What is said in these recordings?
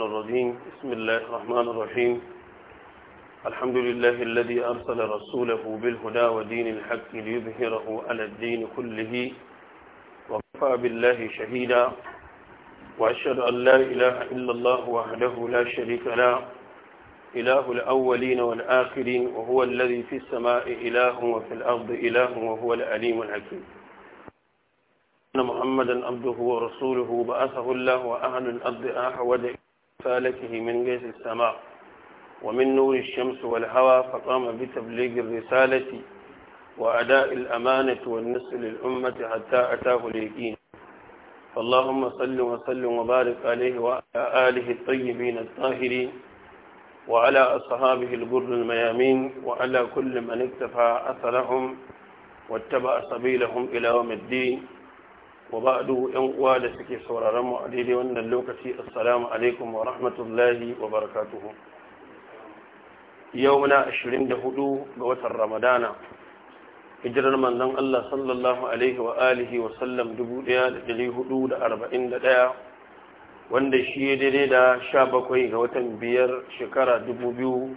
الرجيم بسم الله الرحمن الرحيم الحمد لله الذي أرسل رسوله بالهدى ودين الحق ليظهره على الدين كله وكفى بالله شهيدا وأشهد أن لا إله إلا الله وحده لا شريك له إله الأولين والآخرين وهو الذي في السماء إله وفي الأرض إله وهو العليم الحكيم أن محمدا عبده ورسوله بعثه الله وأهل الأرض أحود رسالته من جيش السماء ومن نور الشمس والهوى فقام بتبليغ الرسالة وأداء الأمانة والنصر للأمة حتى أتاه اليقين فاللهم صل وسلم وبارك عليه وعلى آله الطيبين الطاهرين وعلى أصحابه البر الميامين وعلى كل من اكتفى أثرهم واتبع سبيلهم إلى يوم الدين wa ba'du yan uwa da suke sauraron mu a daidai wannan lokaci assalamu alaikum wa rahmatullahi wa barakatuhu yau muna 24 ga watan ramadana hijirar manzon Allah sallallahu alaihi wa alihi wa sallam 1441 wanda shi ya daidai da sha bakwai ga watan biyar shekara da 2020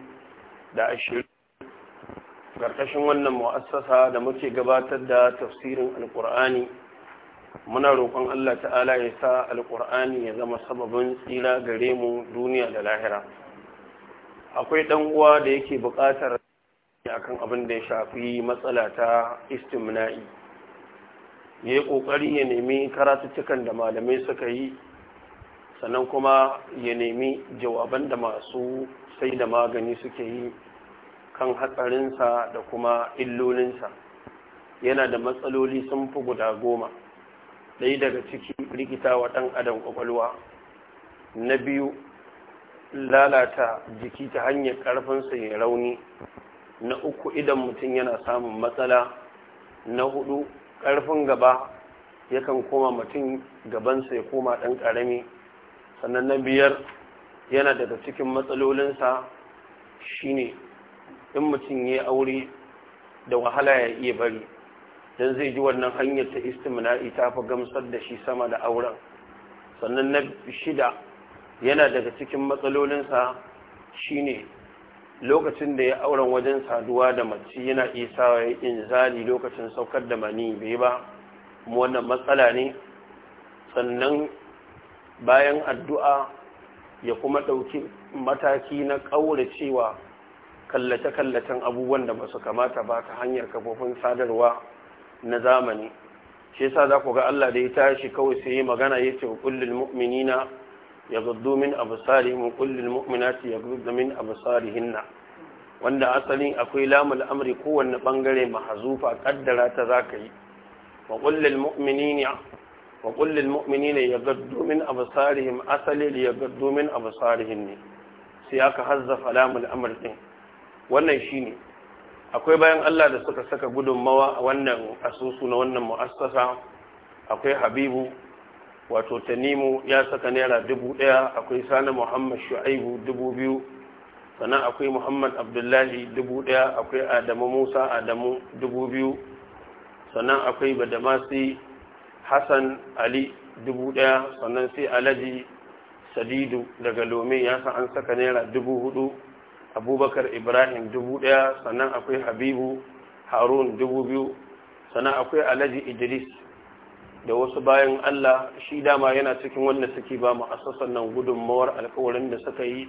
karkashin wannan mu'assasa da muke gabatar da tafsirin alkur'ani muna roƙon Allah ta'ala ya sa alƙur'ani ya zama sababin tsira gare mu duniya da lahira akwai ɗan uwa da yake buƙatar akan abin da ya shafi matsala ta istimna'i ya yi ƙoƙari ya nemi karatuttukan da malamai suka yi sannan kuma ya nemi jawaban da masu sai da magani suke yi kan hatsarinsa da kuma illolinsa yana da matsaloli sun fi guda goma ɗaya daga ciki rikita wa ɗan adam ƙwaƙwalwa na biyu lalata jiki ta hanyar ƙarfinsa ya rauni na uku idan mutum yana samun matsala na hudu ƙarfin gaba yakan koma mutum gabansa ya koma ɗan ƙarami sannan na biyar yana daga cikin matsalolinsa shine in mutum ya aure da wahala ya iya bari dan zai ji wannan hanyar ta istimna'i ta fi gamsar da shi sama da auren sannan na shida yana daga cikin matsalolinsa shine lokacin da ya auren wajen saduwa da mace yana isa ya zali lokacin saukar da mani bai ba kuma wannan matsala ne sannan bayan addu'a ya kuma ɗauki mataki na ƙaura cewa kallace-kallacen abubuwan da ba su kamata ba ta hanyar kafofin sadarwa na zamani shi yasa za ku ga Allah da ya tashi kawai sai magana ya ce kullul mu'minina yaghuddu min absarihim kullul mu'minati yaghuddu min absarihinna wanda asalin akwai lamul amri kowanne bangare mahzufa kaddara ta zaka yi wa kullul mu'minina wa kullul mu'minina yaghuddu min absarihim asali li yaghuddu min absarihinni sai aka hazzafa lamul amr din wannan shine akwai bayan Allah da suka saka gudunmawa a wannan asusu na wannan mu'assasa akwai habibu wato tanimu ya saka naira dubu ɗaya akwai sani muhammad shu'aibu dubu biyu sannan akwai muhammad abdullahi dubu ɗaya akwai adamu musa adamu dubu biyu sannan akwai badamasi hassan ali dubu ɗaya sannan sai alaji sadidu daga lome ya sa an saka naira dubu hudu abubakar ibrahim dubu ɗaya sannan akwai habibu harun dubu biyu sannan akwai alhaji idris da wasu bayan allah shi dama yana cikin wanda suke ba mu gudummawar nan gudunmawar alkawarin da suka yi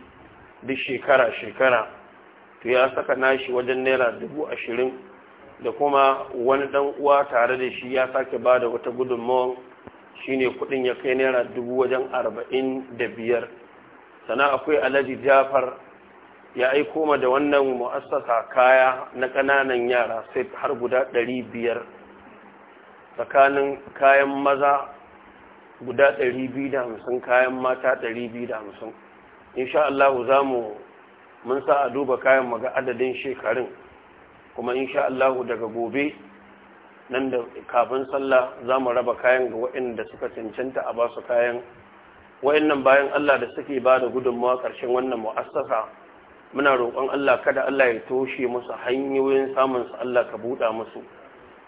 duk shekara-shekara to ya saka nashi wajen naira dubu ashirin da kuma wani dan uwa tare da shi ya sake ba da wata gudunmawar shine kudin ya kai naira dubu wajen arba'in da biyar sannan akwai alhaji jafar ya aiko ma da wannan mu'assasa kaya na kananan yara sai har guda ɗari biyar tsakanin kayan maza guda ɗari biyu da hamsin kayan mata ɗari biyu da hamsin insha Allah za mu mun sa a duba kayan maga adadin shekarun kuma insha Allah daga gobe nan da kafin sallah za mu raba kayan ga waɗanda suka cancanta a basu kayan nan bayan Allah da suke ba da gudunmawa ƙarshen wannan mu'assasa muna roƙon Allah kada Allah ya toshe musu hanyoyin samun su Allah ka buɗa musu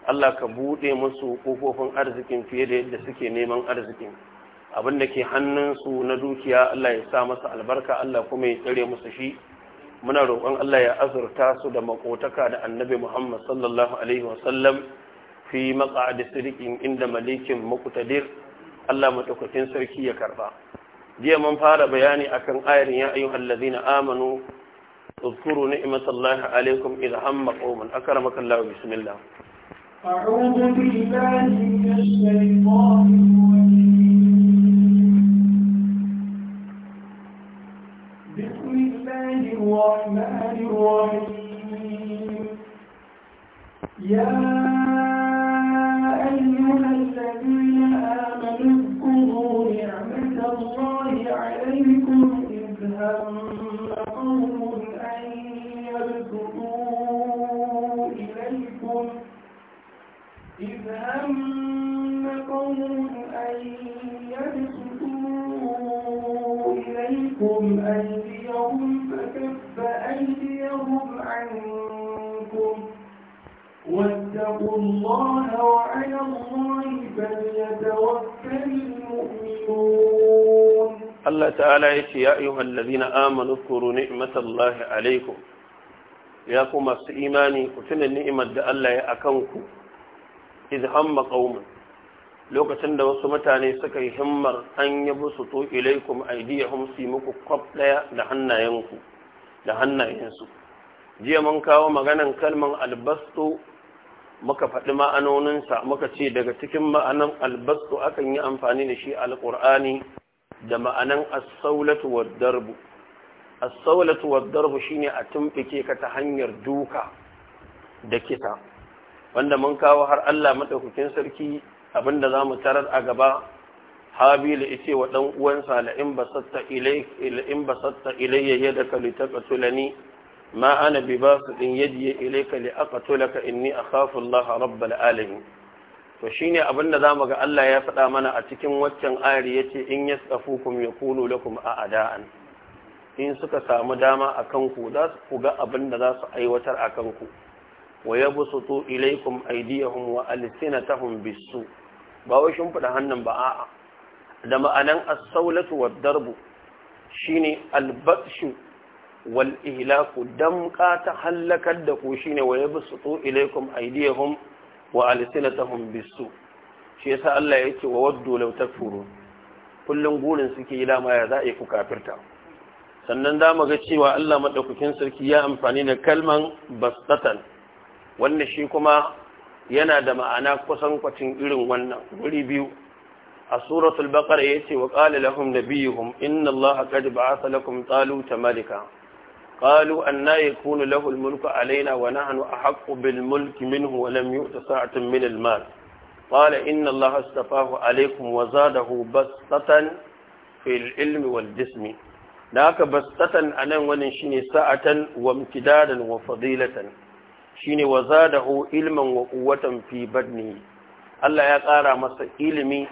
Allah ka buɗe musu ƙofofin arzikin fiye da yadda suke neman arzikin abin da ke hannunsu na dukiya Allah ya sa masa albarka Allah kuma ya tsare musu shi muna roƙon Allah ya azurta su da makotaka da annabi Muhammad sallallahu alaihi sallam fi maqa'id sidiqin inda malikin muqtadir Allah madaukakin sarki ya karba jiya mun fara bayani akan ayarin ya ayyuhallazina amanu اذكروا نعمة الله عليكم إذا هم قوما أكرمك الله بسم الله أعوذ بالله من الشيطان بسم الله الرحمن الرحيم يا أيها الذين آمنوا اذكروا نعمة الله عليكم إذ هم قوم أن إليكم فكف عنكم واتقوا الله وعلى الله فليتوكل المؤمنون تعالى يا أيها الذين آمنوا اذكروا نعمة الله عليكم ya kuma إيماني imani النعمة tuna يا da إذ هم akan lokacin da wasu mutane suka yi himmar an yi busu to ilaikum aidiyahum su muku kwab daya da hannayenku da hannayensu jiya mun kawo maganan kalman albasto muka faɗi ma'anoninsa muka ce daga cikin ma'anan albasto akan yi amfani da shi alƙur'ani da ma'anan as-saulatu wad-darbu as-saulatu wad-darbu shine a tumfike ka ta hanyar duka da kisa wanda mun kawo har Allah madaukakin sarki abinda za mu tarar a gaba habilu ice wa ɗan uwansa la'in basatta ilayya yadda ka litaqtulani ma ana bi basitin yadiya ilayka li aqtulaka inni akhafu Allah rabbal alamin to shine abinda mu ga Allah ya faɗa mana a cikin waccan ya ce in ya yasafukum yakunu lakum a'da'an in suka samu dama akan ku za ku ga abinda za su aiwatar akan ku wa yabsutu ilaykum aydiyahum wa alsinatahum bisu ba wai shimfiɗa hannun ba a'a da ma'anan as-saulatu wad-darbu shine al-batshu wal ihlaku damqa ta halakar da ku shine wa yabsutu ilaykum aydiyahum wa alsinatahum bisu shi yasa Allah yake wa waddu law takfurun kullun gurin suke yi lama ya za'i ku kafirta sannan za mu ga cewa Allah madaukakin sarki ya amfani da kalman bastatan wannan shi kuma yana da ma'ana kusan kwacin irin wannan wuri biyu a suratul baqara yace wa qala lahum nabiyuhum inna allaha qad ba'atha lakum taluta malika qalu anna yakunu lahu almulku alayna wa nahnu ahqqu bilmulki minhu wa lam yu'ta sa'atan min almal qala inna allaha istafahu alaykum wa zadahu bastatan fil ilmi wal jismi da haka bastatan anan wannan shine sa'atan wa imtidadan wa fadilatan shine wa hu ilman wa kuwatan fi badni Allah ya ƙara masa ilimi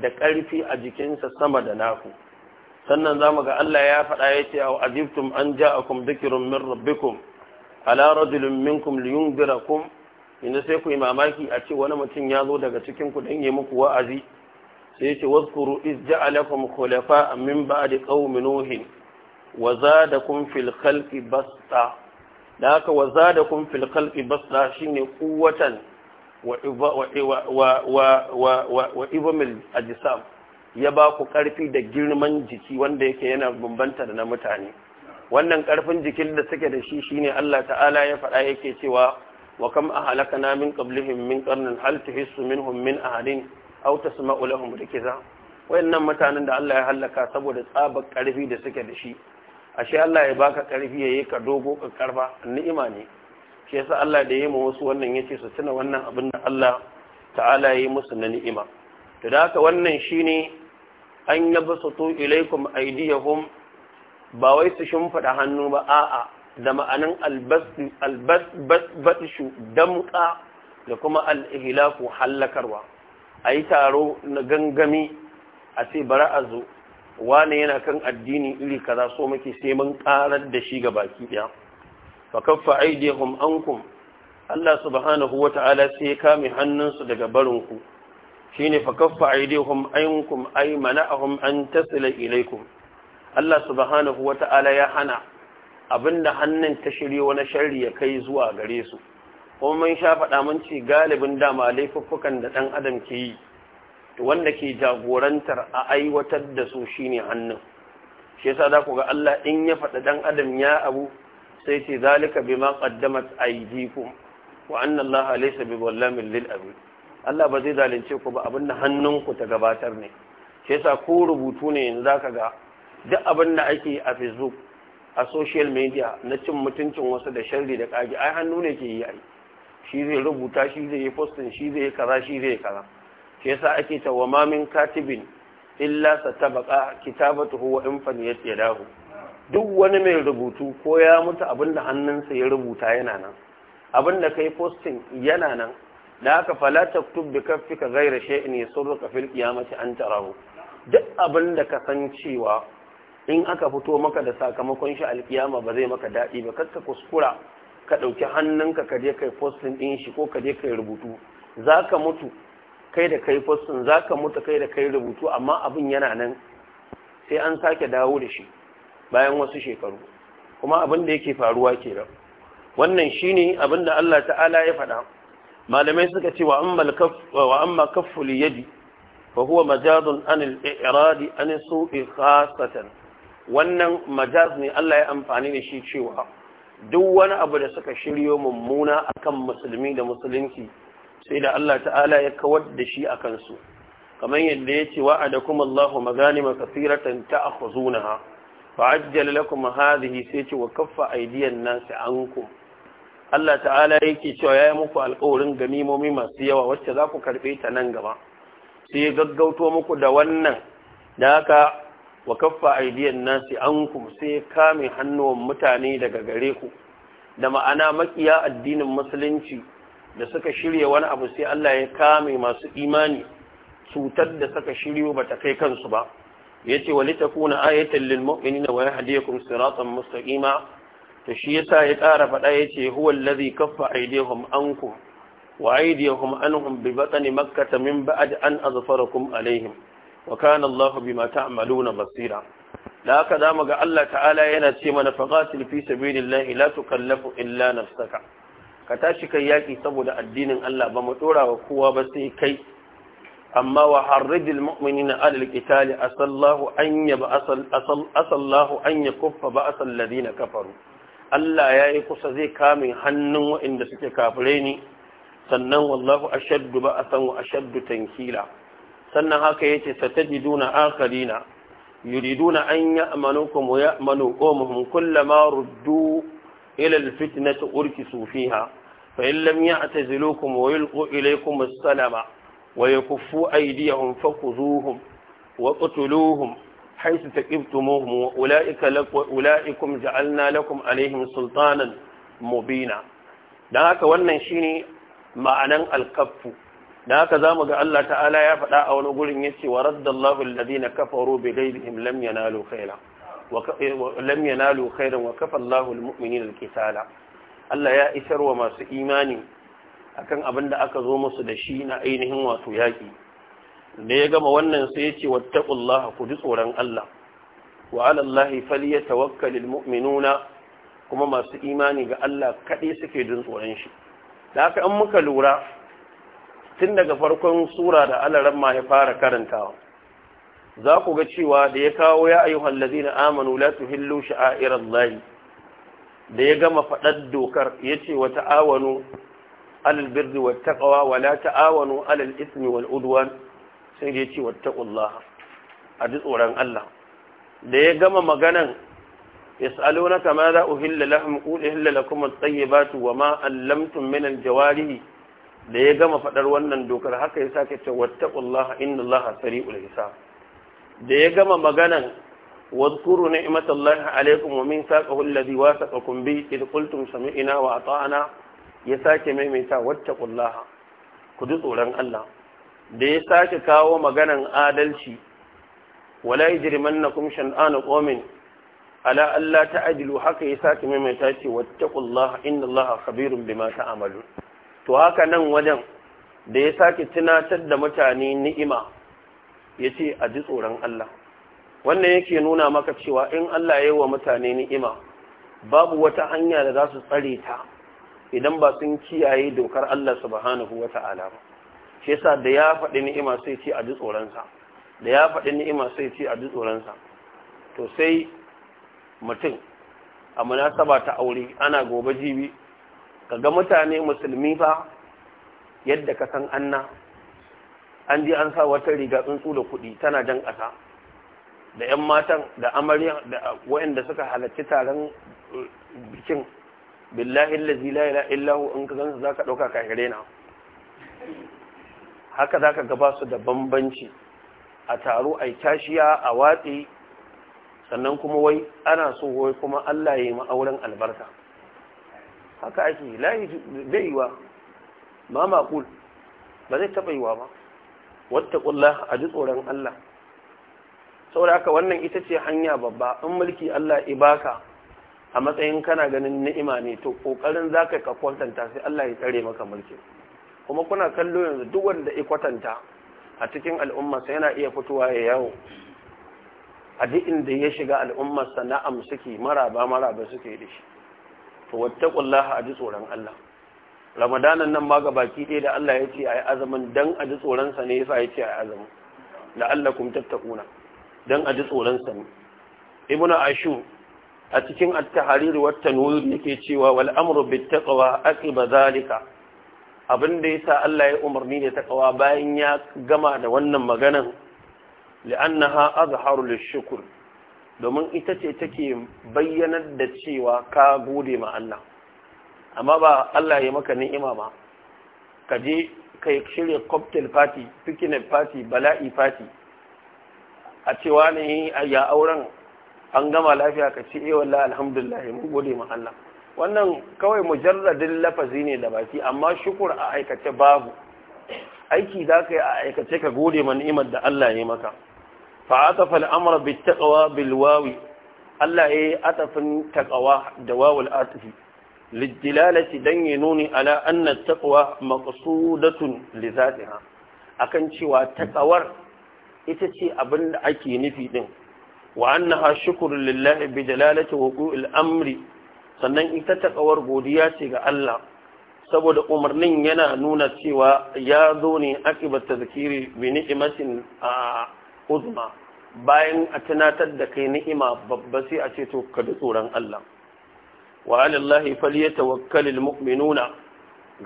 da ƙarfi a jikinsa sama da naku sannan zamu ga Allah ya faɗa ya ce a wajibtum an ja a kum, dhikrun min rabbikum ala rajulin minkum birakum inda sai ku yi mamaki a ce wani mutum ya zo daga cikin ku dan yi muku wa'azi sai yace wazkuru iz ja'alakum a min ba'di qaumi nuh wa kun fil khalqi basta da haka wa zadakum fil khalqi basra shine quwwatan wa a wa ya ba ku karfi da girman jiki wanda yake yana bambanta da na mutane wannan ƙarfin jikin da suke da shi shine Allah ta'ala ya faɗa yake cewa wa kam ahlakana min qablihim min qarnin hal tuhissu minhum min ahadin aw tasma'u lahum rikza wayannan mutanen da Allah ya hallaka saboda tsabar karfi da suke da shi ashe Allah ya baka karfi yayi ka dogo ka karba ni'ima ne shi yasa Allah da yayi wasu wannan yace su tuna wannan abin da Allah ta'ala yayi musu na ni'ima to da haka wannan shine an yabsutu ilaikum aydiyahum ba wai su shimfada hannu ba a'a da ma'anin albasdu batshu damqa da kuma al-ihlaku halakarwa ayi taro na gangami a ce bara a zo wane yana kan addini iri kaza so muke sai mun karar da shi ga baki daya fa kaffa aydihum ankum Allah subhanahu wata'ala sai ya kame hannunsu daga barin ku shine fa kaffa aydihum ankum ay mana'ahum an tasila ilaykum Allah subhanahu wata'ala ya hana abinda hannun ta shirye wani sharri ya kai zuwa gare su kuma mun sha faɗa mun ce galibin dama laifuffukan da ɗan adam ke yi to wanda ke jagorantar a aiwatar da su shine hannun shi yasa za ku ga Allah in ya faɗa ɗan adam ya abu sai ce zalika bima qaddamat aydikum wa anna Allah laysa biwallamin lil abu Allah ba zai zalunce ku ba abinda ku ta gabatar ne shi yasa ko rubutu ne yanzu zaka ga duk abin da ake a Facebook a social media na cin mutuncin wasu da sharri da kage ai hannu ne ke yi ai shi zai rubuta shi zai yi postin shi zai kaza shi zai kaza ke sa ake ta wa min katibin illa satabqa kitabatuhu wa ya ya dahu? duk wani mai rubutu ko ya mutu abinda hannunsa ya rubuta yana nan abinda kai posting yana nan da haka fala taktub bi in ghayra shay'in yasurruka fil qiyamati an tarahu duk abinda ka san cewa in aka fito maka da sakamakon shi alkiyama ba zai maka daɗi ba kakka kuskura ka ɗauki hannunka ka je kai posting ɗin shi ko ka je kai rubutu za ka mutu kai da kai fasun za ka mutu kai da kai rubutu amma abin yana nan sai an sake dawo da shi bayan wasu shekaru kuma abin da yake faruwa ke da wannan shi ne abin da Allah ta'ala ya faɗa malamai suka ce wa amma kafful yadi fa huwa majazun anil iradi an su'i wannan majaz ne Allah ya amfani da shi cewa duk wani abu da suka shiryo mummuna akan musulmi da musulunci sai da Allah ta'ala ya kawar da shi a kansu kamar yadda ya ce wa'ada kuma Allahu maganima kasiratan ajiyar fa'ajjala lakum hadhihi sai ce wa kaffa aydiyan nasi ankum Allah ta'ala yake cewa ya yi muku alƙawarin ganimomi masu yawa wacce za ku karɓe ta nan gaba sai ya gaggauto muku da wannan da haka wa kaffa aidiyan nasi an ku sai kame hannuwan mutane daga gare ku da ma'ana makiya addinin musulunci da suka shirya wani abu sai Allah ya kame masu imani cutar da suka shiryo bata kai kansu ba yace wa litakuna ayatan lil mu'minina wa yahdiyakum siratan mustaqima to shi yasa ya ƙara faɗa yace huwa allazi kaffa aydihim ankum wa aydihim anhum bi batni makkah min ba'd an azfarakum alaihim wa kana Allah bima ta'maluna basira da haka zamu ga Allah ta'ala yana ce mana faqatil fi sabilillahi la tukallafu illa nafsaka ka tashi kai yaƙi saboda addinin Allah ba mu ɗora wa kowa ba sai kai amma wa harridil mu'minina alal qitali asallahu an yaba asal asallahu an yakuffa ba asal ladina kafaru Allah yayi kusa zai kame hannun waɗanda suke kafire ni sannan wallahu ashaddu ba'asan wa ashaddu tankila sannan haka yace satajiduna akharina yuriduna an ya'manukum wa ya'manu qawmuhum kullama ruddu إلى الفتنة أركسوا فيها فإن لم يعتزلوكم ويلقوا إليكم السلام ويكفوا أيديهم فخذوهم وقتلوهم حيث تكبتموهم وأولئك لك وأولئكم جعلنا لكم عليهم سلطانا مبينا ذاك wannan shine ma'anan al-kaffu ذاك zamu ga Allah ta'ala ya faɗa a wani gurin yace wa raddallahu alladhina kafaru bighayrihim lam yanalu khayran Eh, lam ينالوا خيرا wa الله المؤمنين almu'minina الله Allah ya isar wa masu imani akan abin da aka zo musu da shi na ainihin wato yaƙi. da ya gama wannan sai ya ce wattaqullaha ku ji tsoron Allah wa ala Allahi falyatawakkalul mu'minuna kuma masu imani ga Allah kaɗai suke jin tsoron shi da aka an muka lura tun daga farkon sura da alaran ma ya fara karantawa za ku ga cewa da ya kawo ya ayyuhal ladina amanu la tuhillu sha'airallahi da ya gama faɗar dokar ya ce wa ta'awanu alal birri wat taqwa wa la ta'awanu alal ismi wal udwan sai ya ce wattaqullah a ji tsoron Allah da ya gama maganan yas'alunaka ma za uhilla lahum qul uhilla lakum at-tayyibatu wa ma allamtum min al-jawarihi da ya gama faɗar wannan dokar haka ya sake ce wattaqullaha innallaha sari'ul hisab da ya gama maganan واذكروا نعمة الله عليكم ومن ساقه الذي واثقكم به إذ قلتم سمعنا وأطعنا يساك maimaita واتقوا الله كدسوا tsoron Allah. da ya sake kawo maganan adalci wala yajrimannakum shan'anu qawmin ala alla ta'dilu haka ya sake maimaita ce wattaqullaha innallaha khabirun bima ta'malun to haka nan wajen da ya sake tunatar da mutane ni'ima ya ce a ji tsoron Allah wannan yake nuna maka cewa in Allah ya yi wa mutane ni'ima babu wata hanya da za su tsare ta idan ba sun kiyaye dokar Allah subhanahu wa ta'ala ba shi yasa da ya faɗi ni'ima sai ce a ji tsoronsa da ya faɗi ni'ima sai ce a ji tsoronsa to sai mutum a munasaba ta aure ana gobe jibi kaga mutane musulmi fa yadda ka san anna an je an sa wata riga tsuntsu da kuɗi tana jan ƙasa da 'yan matan da amarya da waɗanda suka halarci taron eh, bikin billahi lazi la ila illahu in ka gansu zaka dauka kahire na haka zaka gaba su da bambanci a taro ai tashiya a watsi sannan kuma wai ana so wai kuma Allah ya yi ma'auren albarka haka ake layi bai wa ma maqul ba zai taɓa yi wa ba wattaqullah a ji tsoron Allah saboda haka wannan ita ce hanya babba in mulki Allah ibaka a matsayin kana ganin ni'ima ne to kokarin zaka ka kwatanta sai Allah ya tsare maka mulki kuma kuna kallo yanzu duk wanda ya kwatanta a cikin al'umma yana iya fitowa ya yawo a duk inda ya shiga al'ummar sana'am suke maraba maraba suke da shi to wattaqullaha a ji tsoron Allah ramadanan nan ma baki ɗaya da Allah ya ce a yi azumin don a ji tsoronsa ne yasa ya ce a yi Da Allah la'allakum tattakuna don a ji tsoronsa ne ibnu ashu a cikin at watan wa ya yake cewa wal amru bit taqwa aqiba zalika abin da yasa Allah ya umarni da taqwa bayan ya gama da wannan maganan li'annaha azharu lish domin ita ce take bayyanar da cewa ka gode ma Allah amma ba Allah ya maka ni'ima ba ka je ka shirya cocktail party picnic party bala'i party a cewa ne ya auren an gama lafiya ka ce eh wallahi alhamdulillah mun gode ma Allah wannan kawai mujarradin lafazi ne da baki amma shukur a aikace babu aiki za ka yi a aikace ka gode ma ni'imar da Allah ya maka fa atafa al-amra bit taqwa bil wawi Allah ya atafin taqwa da wawul atifi lidilalati dan ya nuni ala anna taqwa maqsudatun akan cewa taqawar ita ce abin da ake nufi din wa annaha shukrun lillahi bi dalalati wuqu'il amri sannan ita taqawar godiya ce ga Allah saboda umarnin yana nuna cewa ya zo ne akibar tazkiri bi a uzma bayan a tunatar da kai ni'ima babba sai a ce to ka da tsoron Allah wa alallahi falyatawakkalul mu'minuna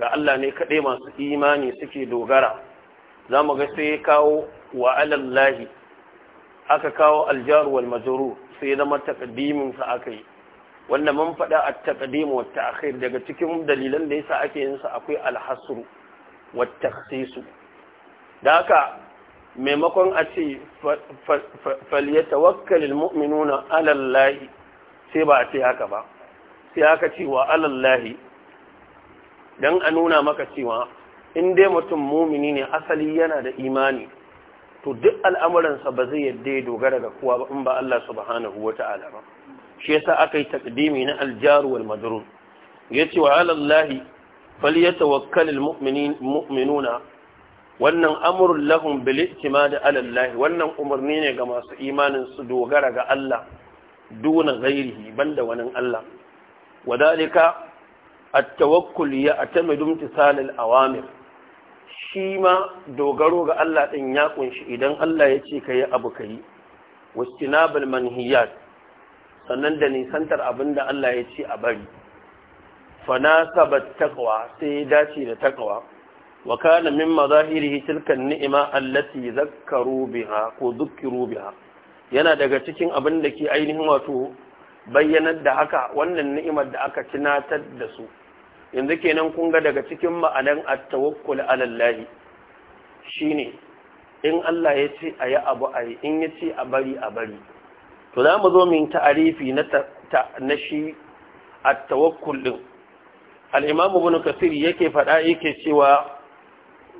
ga Allah ne kaɗai masu imani suke dogara za ga sai kawo wa alallahi aka kawo aljaru wal majrur sai zama taqdimin sa akai wanda mun fada at taqdim wa ta'khir daga cikin dalilan da yasa ake yin sa akwai al hasr wa takhsis da haka maimakon a ce falyatawakkalul mu'minuna alallahi sai ba a ce haka ba sai aka ce wa alallahi don a nuna maka cewa in dai mutum mumini ne asali yana da imani to duk al'amuransa ba zai yadda ya dogara ga kowa ba in ba Allah subhanahu wa ta'ala ba shi sa aka yi takdimi na aljaru wal ya ce wa alallahi falyatawakkalul mu'minuna wannan amurin lahun bil da ala wannan umarni ne ga masu imanin su dogara ga Allah duna ban banda wani Allah wadalika at-tawakkul ya atamidu imtisal al shi ma dogaro ga Allah din ya kunshi idan Allah ya ce kai abu kai wastinabul manhiyat sannan da nisantar abinda Allah ya ce a bari fanasabat taqwa sai dace da taqwa wa kana min mazahirihi tilka ni'ima allati zakkaru biha ko dhukkiru biha yana daga cikin abin da ke ainihin wato bayyanar da haka wannan ni'imar da aka tunatar da su yanzu kenan kun ga daga cikin ma'anan at-tawakkul ala Allah shine in Allah ya ce ayi abu ayi in ya ce a bari a bari to za mu zo min ta'arifi na na shi at-tawakkul din al-imam ibn kasir yake fada yake cewa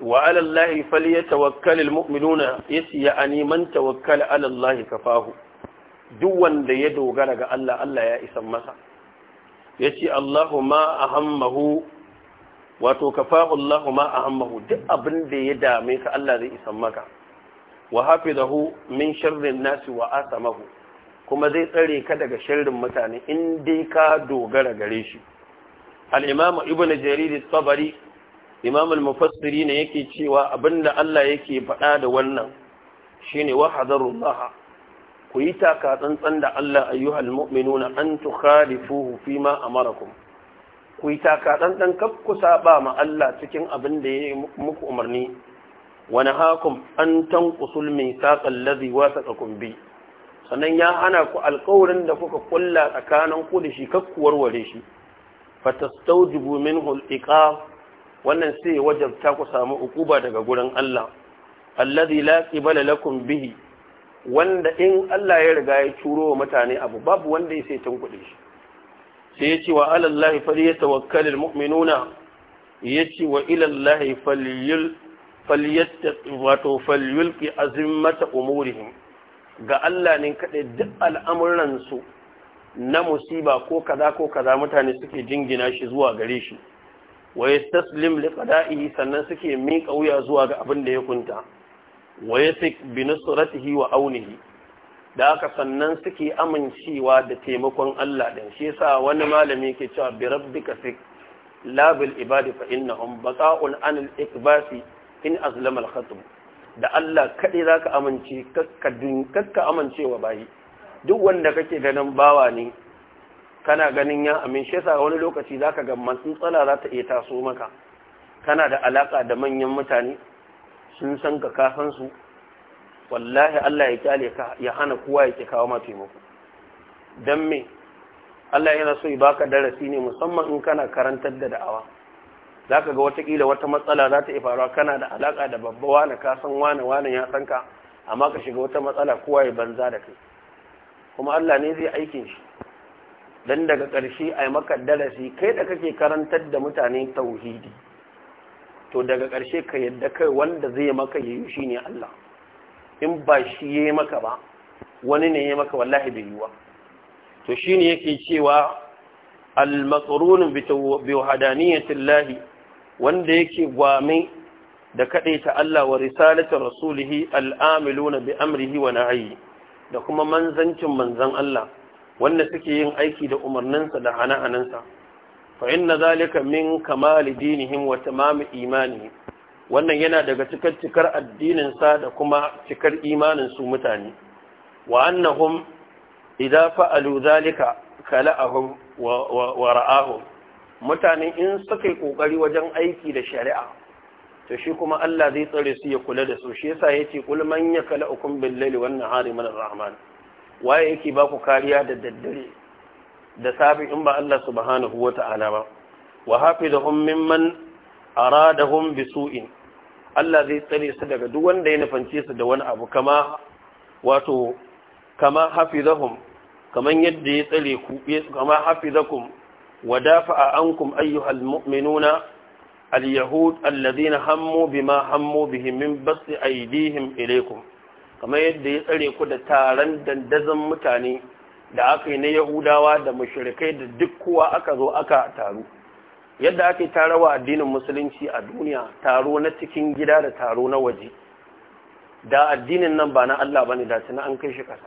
wa ala Allah falyatawakkalul mu'minuna yasi ya ani man tawakkala ala Allah kafahu duk wanda ya dogara ga Allah Allah ya isan masa yace Allahu ma ahammahu wato kafa Allahu ma ahammahu duk abin da ya dame ka Allah zai isan maka wa hafizahu min sharrin nasi wa asamahu kuma zai tsare ka daga sharrin mutane in dai ka dogara gare shi al imamu Ibnu jarir at-tabari imam al-mufassiri ne yake cewa abinda Allah yake faɗa da wannan shine wa hadarullah ku yi taka tsantsan da Allah ayyuhal mu'minuna an tukhalifuhu fima amarakum ku yi taka tsantsan kaf ku saba ma Allah cikin abin da ya muku umarni wa nahakum an tanqusul mithaqa alladhi wasaqakum bi sannan ya hana ku alƙawarin da kuka kulla tsakanin ku da shi kaf ku warware shi fatastawjibu minhu al-iqab wannan sai wajabta ku samu ukuba daga gurin Allah alladhi la qibala lakum bihi wanda in Allah ya riga ya turo wa mutane abu babu wanda ya sai tun kuɗi shi sai ya ce wa alallahi fali ya mu'minuna ya ce wa ilallahi faliyul falyatta wato mata azimmata umurihim ga Allah ne kaɗai duk al'amuran su na musiba ko kaza ko kaza mutane suke jingina shi zuwa gare shi wa yastaslim li sannan suke miƙa wuya zuwa ga abin da ya kunta wa yasik bi nusratihi wa aunihi da haka sannan suke amincewa da taimakon Allah din shi yasa wani malami ke cewa bi rabbika fik la bil ibadi fa innahum baqa'un an al ikbasi in azlama al khatm da Allah kaɗai zaka amince kakka amincewa bayi duk wanda kake ganin bawa ne kana ganin ya amin shi yasa wani lokaci zaka ga matsala za ta iya taso maka kana da alaka da manyan mutane sun san ka ka su wallahi Allah ya kyale ka ya hana kowa ya ke kawo ma taimako dan me Allah yana so ya baka darasi ne musamman in kana karantar da da'awa zaka ga watakila wata matsala za ta faruwa kana da alaka da babba wani ka san wani wani ya san ka amma ka shiga wata matsala kowa ya banza da kai kuma Allah ne zai aikin shi dan daga ƙarshe ai maka darasi kai da kake karantar da mutane tauhidi to daga ƙarshe ka yadda kai wanda zai maka yi shi ne Allah in ba shi ya yi maka ba wani ne ya maka wallahi bai yi to shi ne yake cewa al-matsurunin bi wahadaniyatin lahi wanda yake gwame da kaɗaita Allah wa risalatar rasulihi al'amiluna bi amrihi wa na'ayi da kuma manzancin manzan Allah wanda suke yin aiki da umarninsa da hana-hanansa fa na zalika min kamali dinihim wa tamam imani wannan yana daga cikar cikar addinin da kuma cikar imanin su mutane wa annahum idza fa'alu zalika kala'ahum wa ra'ahum mutane in suka yi kokari wajen aiki da shari'a to shi kuma Allah zai tsare su ya kula da su shi yasa yace kul man yakala'ukum bil laili wan nahari min ar-rahman waye yake ba ku kariya da daddare da safe in ba Allah subhanahu wa ta'ala ba wa hafidahum mimman aradahum bisu'in Allah zai tsare su daga duk wanda ya nufance su da wani abu kama wato kama hafizahum kaman yadda ya tsare ku kama hafizakum wa dafa'a ankum ayyuhal mu'minuna al-yahud alladhina hammu bima hammu bihi min basti aydihim ilaykum kama yadda ya tsare ku da taron dandazon mutane da aka yi na yahudawa da mashirikai da duk kowa aka zo aka taro. yadda ake tarawa addinin musulunci a duniya taro na cikin gida da taro na waje da addinin nan ba na Allah ne, da tuna an kai shi kasa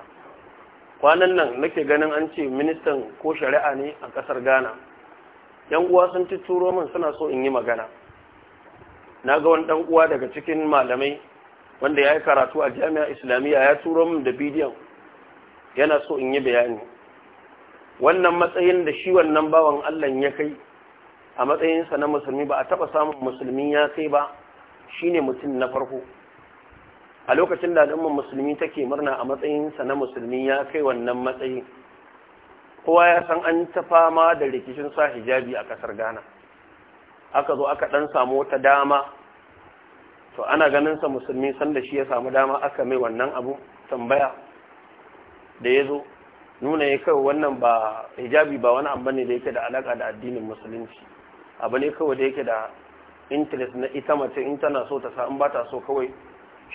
kwanan nan nake ganin an ce ministan ko shari'a ne a kasar Ghana yan uwa sun turo min suna so in yi magana na ga wani dan uwa daga cikin malamai wanda ya yi karatu a jami'a islamiyya ya turo min da bidiyon yana so in yi bayani wannan matsayin da shi wannan bawan Allah ya kai a matsayinsa na musulmi ba a taba samun musulmi ya kai ba shine mutum na farko a lokacin da al'ummar musulmi take murna a matsayinsa na musulmi ya kai wannan matsayi kowa ya san an ta fama da rikicin sa hijabi a kasar ghana aka zo aka ɗan samu wata dama to ana ganinsa musulmi sanda shi ya samu dama aka mai wannan abu tambaya da ya zo nuna ya kawai wannan ba hijabi ba wani abu ne da yake da alaka da addinin musulunci abu ne kawai da yake da intanet na ita mace in tana so ta sa in ba ta so kawai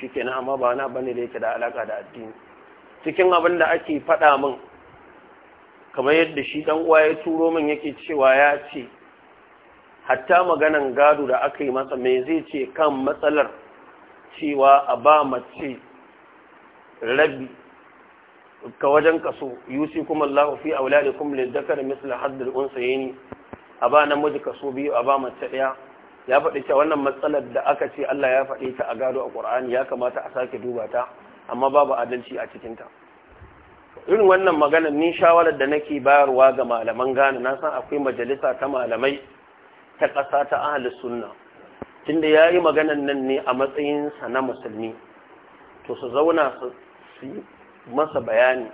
shi kenan amma ba wani abu ne da yake da alaka da addini cikin abin da ake faɗa min kamar yadda shi ɗan uwa ya turo min yake cewa ya ce hatta maganan gado da aka yi masa me zai ce kan matsalar cewa a ba mace rabi ka wajen kaso yusi kuma Allah fi auladi kuma lidakar misla haddar unsa ni a ba namiji kaso biyu a ba mace ɗaya ya faɗi cewa wannan matsalar da aka ce Allah ya faɗi ta a gado a Qur'ani ya kamata a sake duba ta amma babu adalci a cikin ta irin wannan maganar ni shawarar da nake bayarwa ga malaman Ghana na san akwai majalisa ta malamai ta ƙasa ta ahlus sunna tunda yayi maganar nan ne a matsayin sa na musulmi to su zauna su masa bayani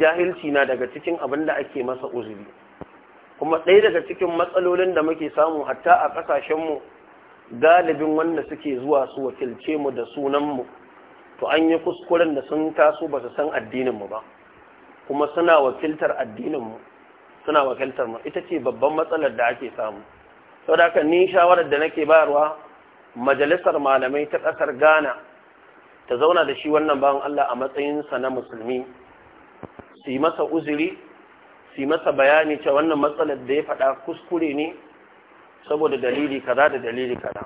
jahilci na daga cikin abin da ake masa uzuri kuma ɗaya daga cikin matsalolin da muke samu hatta a ƙasashenmu galibin wanda suke zuwa su wakilce mu da sunanmu to an yi kuskuren da sun taso ba su san addininmu ba kuma suna wakiltar addininmu suna wakiltar mu ita ce babban matsalar da ake samu saboda haka ni shawarar da nake bayarwa majalisar malamai ta ƙasar ghana ta zauna da shi wannan bawan Allah a matsayinsa na musulmi su yi masa uzuri su yi masa bayani cewa wannan matsalar da ya faɗa kuskure ne saboda dalili kaza da dalili kaza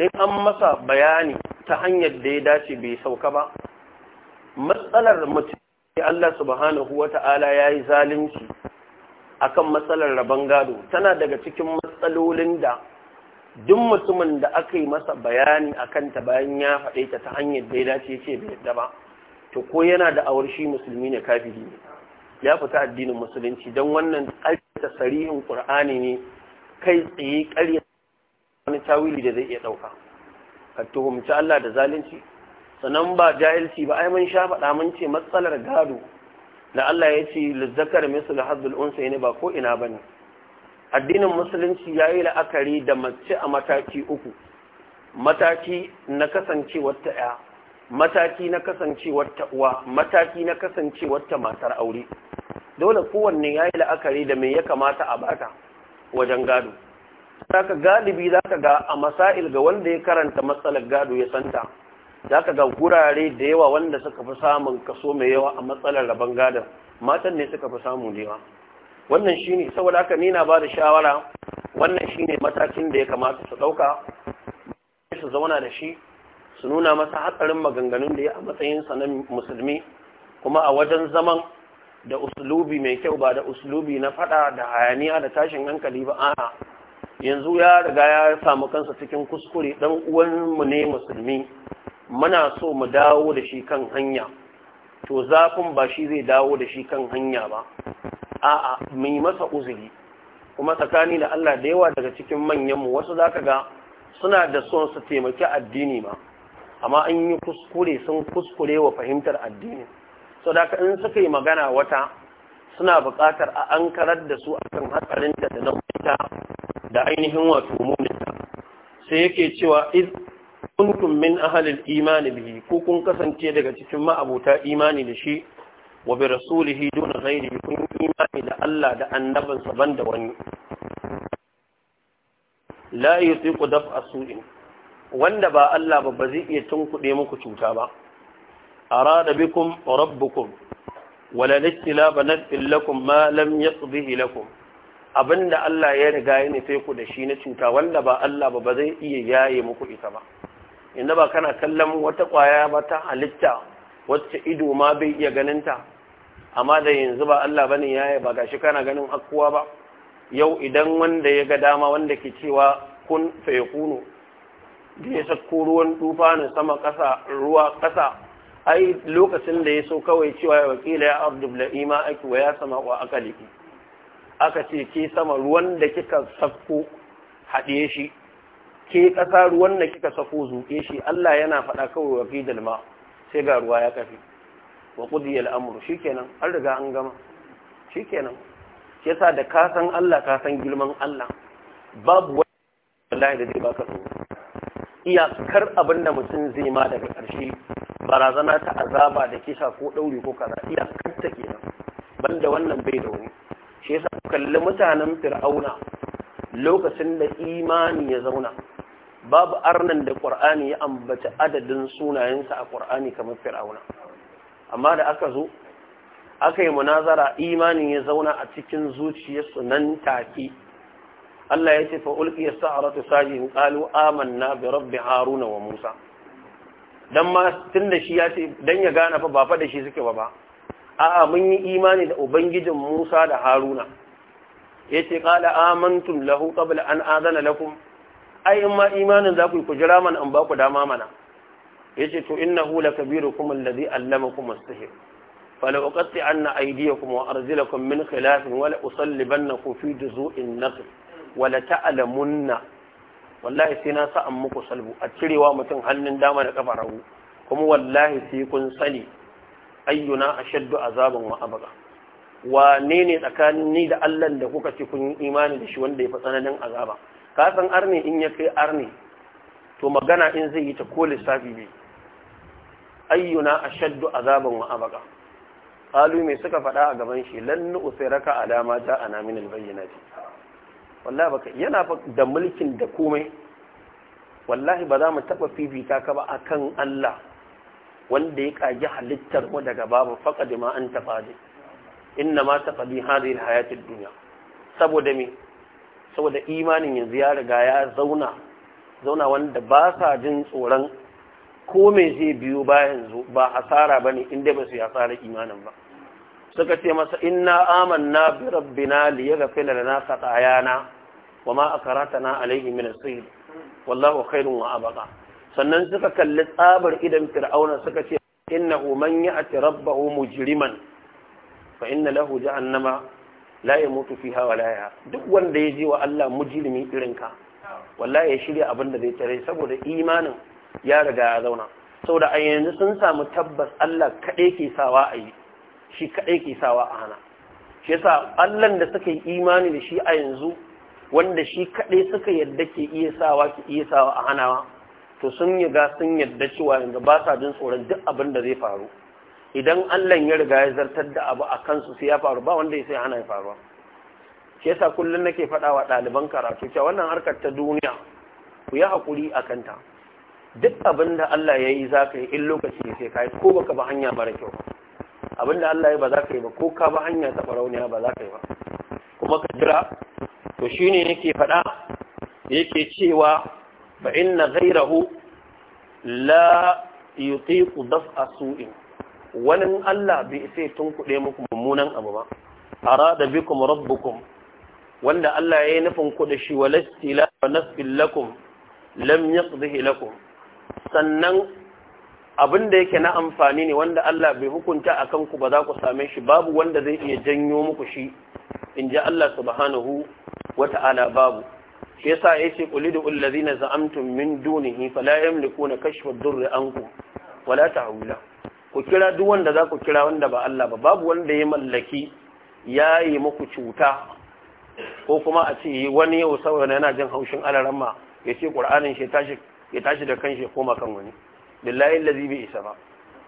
in an masa bayani ta hanyar da ya dace bai sauka ba matsalar mutum Allah subhanahu wata'ala ya yi zalunci akan matsalar rabon gado tana daga cikin matsalolin da duk mutumin da aka yi masa bayani a kanta bayan ya faɗe ta ta hanyar bai ya dace ce bai yadda ba to ko yana da awar shi musulmi ne kafiri ne ya fita addinin musulunci don wannan ta sarihin ƙur'ani ne kai tsaye ƙarya wani tawili da zai iya ɗauka ka tuhumci Allah da zalunci sannan ba jahilci ba ai mun sha faɗa mun ce matsalar gado da Allah ya ce lizzakar misal unsa ne ba ko ina bane addinin musulunci ya yi la'akari da mace a mataki uku mataki na kasancewar ta ya mataki na kasancewar ta uwa mataki na kasancewar ta matar aure dole kowanne ya yi la'akari da mai ya kamata a bata wajen gado saka galibi za ka ga a masail ga wanda ya karanta matsalar gado ya santa za ka ga gurare da yawa wanda suka fi samun kaso mai yawa a matsalar rabon gadon matan ne suka fi samun yawa wannan shine saboda haka ni na ba da shawara wannan shine matakin da ya kamata su ɗauka su zauna da shi su nuna masa hatsarin maganganun da ya a matsayinsa na musulmi kuma a wajen zaman da usulubi mai kyau ba da usulubi na fada da hayaniya da tashin hankali ba a yanzu ya riga ya samu kansa cikin kuskure dan uwanmu ne musulmi muna so mu dawo da shi kan hanya to zafin ba shi zai dawo da shi kan hanya ba a'a mai masa uzuri kuma tsakani da Allah da yawa daga cikin manyanmu wasu za ka ga suna da son su taimaki addini ma amma an yi kuskure sun kuskure wa fahimtar addini so da in suka yi magana wata suna buƙatar a an karar da su akan hatsarin da nauyinta da ainihin wato muninta sai yake cewa iz kuntum min ahalil imani bihi ko kun kasance daga cikin ma'abuta imani da shi wa bi rasulihi duna ghairi kun imani da Allah da annabin sa banda wani la yutiqu daf'a su'in wanda ba Allah ba bazai zai iya tunkuɗe muku cuta ba arada bikum rabbukum wala nastilaba banat illakum ma lam yaqdihi lakum abinda Allah ya riga ya nufe ku da shi na cuta wanda ba Allah ba ba zai iya yaye muku ita ba inda ba kana kallon wata kwaya ba ta halitta wacce ido ma bai iya ganinta amma da yanzu ba Allah bane yaya ba gashi kana ganin akkuwa ba yau idan wanda ya ga dama wanda ke cewa kun fayakunu da ya sako ruwan tufa na sama ƙasa ruwa ƙasa ai lokacin da ya so kawai cewa ya wakila ya abdul la'ima aki wa ya sama wa aka liki aka ce ke sama ruwan da kika sako haɗe shi ke ƙasa ruwan da kika sako zuƙe shi Allah yana faɗa kawai wa ma sai ga ruwa ya kafi wa qudiya al'amru shikenan an riga an gama shikenan ke sa da ka san Allah ka san girman Allah babu wallahi da zai baka tsoro iyakar abin da mutum zai ma daga ƙarshe barazana ta azaba da kisa ko ɗauri ko kaza iyakar ta kenan banda wannan bai da wani shi yasa kalli mutanen fir'auna lokacin da imani ya zauna babu arnan da ƙur'ani ya ambaci adadin sunayensa a ƙur'ani kamar fir'auna amma da aka zo aka yi munazara imanin ya zauna a cikin zuciyarsu nan take Allah ya ce fa ulqiya sa'aratu in qalu amanna bi rabbi haruna wa musa dan ma tunda shi ya ce dan ya gane fa ba fa da shi suke ba ba a'a mun yi imani da ubangijin musa da haruna yace qala amantum lahu qabla an adana lakum ai in ma imanin za ku yi ku jira mana in ba ku dama mana yace to innahu lakabirukum alladhi allamakum as-sihr fala uqatti anna aydiyakum wa arjulakum min khilaf wa la usallibannakum fi juzu'in naql wa la ta'lamunna wallahi sai na sa'an muku salbu a cirewa mutum hannun dama da kafa ragu kuma wallahi sai kun sani ayyuna ashaddu azaban wa abqa wa ne ne tsakanin ni da Allah da kuka ce kun imani da shi wanda ya fi tsananin azaba Kasan san arni in ya kai arni to magana in zai yi ta ko lissafi ne? ayyuna ashaddu azaban wa abaka qalu me suka faɗa a gaban shi lan a dama ta ja'ana min al wallahi baka yana da mulkin da komai wallahi ba za mu taɓa fifita ka ba akan Allah wanda ya kaji halittar mu daga babu faqad ma anta qadi inna ma taqdi hadhihi al ad saboda me saboda imanin yanzu ya riga ya zauna zauna wanda ba sa jin tsoron ko mai zai biyo bayan zo ba asara ba ne inda ba su yi asara imanin ba suka ce masa inna na bi rabbina li na lana khatayana wa ma na alayhi min as wallahu khairun wa abqa sannan suka kalli tsabar idan fir'auna suka ce innahu man ya'ti rabbahu mujriman fa inna lahu jahannama la ya mutu fi hawa la duk wanda ya je wa Allah mujrimi irin ka wallahi ya shirya abin da zai tare saboda imanin ya riga ya zauna saboda a yanzu sun samu tabbas Allah kaɗai ke sawa a yi shi kaɗai ke sawa a hana shi yasa Allah da suka yi imani da shi a yanzu wanda shi kaɗai suka yadda ke iya sawa ke iya sawa a hanawa to sun yaga sun yadda cewa yanzu ba sa jin tsoron duk abin da zai faru idan Allah ya riga ya zartar da abu a kansu sai ya faru ba wanda ya sai hana ya faru shi yasa kullum nake faɗa wa ɗaliban karatu cewa wannan harkar ta duniya ku yi haƙuri a kanta duk abin da Allah ya yi za ka yi in lokaci ne sai ka yi ko baka ba hanya mara kyau abin da Allah ya yi ba za ka yi ba ko ka ba hanya ta farauniya ba za ka yi ba kuma ka jira to shine yake faɗa yake cewa ba inna ghayrahu la yutiqu daf'a su'in wani Allah bai sai tunkuɗe muku mummunan abu ba bi kuma rabbukum wanda Allah ya yi nufin ku da shi walastila wa nasfin lakum lam zuhi lakum sannan abin da yake na amfani ne wanda Allah bai hukunta a kanku ba za ku same shi babu wanda zai iya janyo muku shi in ji Allah subhanahu ala babu shi yasa ya ce da qulidu na za'amtun min dunihi fala yamlikuna kashfa ad an ku wala ta'awula ku kira duk wanda za ku kira wanda ba Allah ba babu wanda ya mallaki ya yi muku cuta ko kuma a ce wani yau saboda yana jin haushin alaramma ya ce ƙur'anin shi ya tashi da kan shi koma kan wani lillahi lazi bai isa ba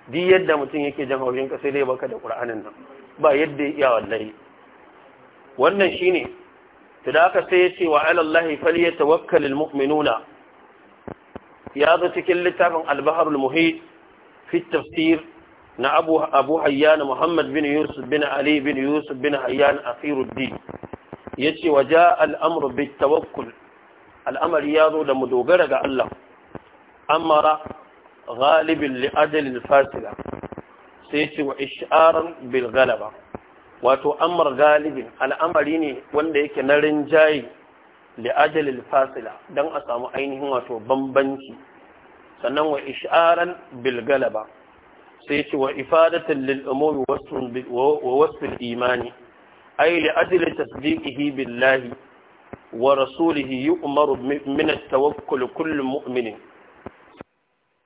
duk yadda mutum yake jin haushin ka sai dai baka da ƙur'anin nan ba yadda ya iya wallahi wannan shine to da aka sai ya ce wa ala ya falyatawakkalul mu'minuna ya zo cikin littafin albahrul bahrul muhit fi tafsir na abu abu muhammad bin yusuf bin ali bin yusuf bin hayyan afiruddin yace wa jaa al bit tawakkul al'amari ya zo da mu dogara ga Allah amara ghalibin li'adalin fasila sai ce wa bilgalaba wato amar galibin al'amari ne wanda yake na rinjaye li'adalin fasila don a samu ainihin wato bambanci sannan wa isharar bilgalaba sai ce wa ifadatan lil umumi wa wasfin imani ai li ajli tasdiqihi billahi wa rasulihi yu'maru min at-tawakkul kullu mu'minin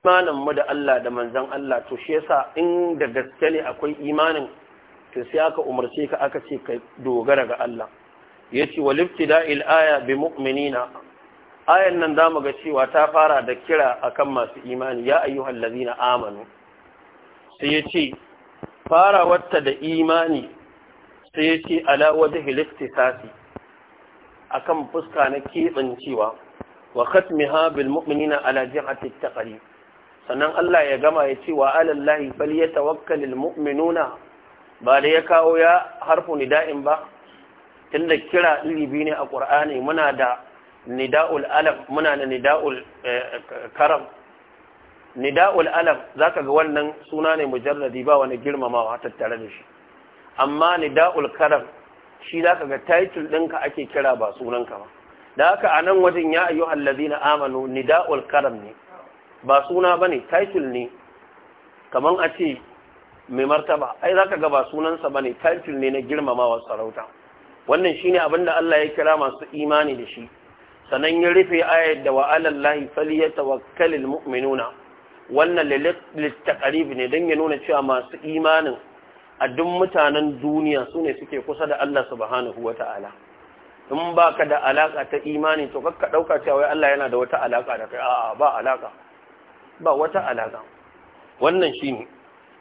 imanin mu da Allah da manzon Allah to shi yasa in da gaske ne akwai imanin to sai aka umarce ka aka ce ka dogara ga Allah yace wa liftida'il aya bi mu'minina ayan nan zamu ga cewa ta fara da kira akan masu imani ya ayyuhallazina amanu sai ya ce farawarta da imani sai ya ce alawar da a kan fuska na cewa. wa mihabil bil mu'minina ala jihati taqari sannan Allah ya gama ya ce wa alallahi falyatawakkalul mu'minuna ba da ya kawo ya harfu nida'in ba tunda kira ilibi ne a ƙur'ani muna da nida'ul alam muna da nida'ul eh, karam nida'ul alam zaka ga wannan suna ne mujarradi ba wani girmamawa tattare da shi amma nida'ul karam shi zaka ga title ka ake kira ba ka ba da haka a nan wajen ya ayyuhal ladina amanu nida'ul karam ne ba suna bane title ne kaman a ce mai martaba ai zaka ga ba sunansa bane title ne na girmamawa sarauta wannan shine abin da Allah ya kira masu imani da shi sanan ya rufe ayat da wa alallahi falyatawakkalul mu'minuna wannan littakarib ne don ya nuna cewa masu imanin a duk mutanen duniya su ne suke kusa da Allah subhanahu wa ta'ala in ba ka da alaƙa ta imani to kakka ɗauka cewa wai Allah yana da wata alaƙa da kai a'a ba alaƙa ba wata alaƙa wannan shi ne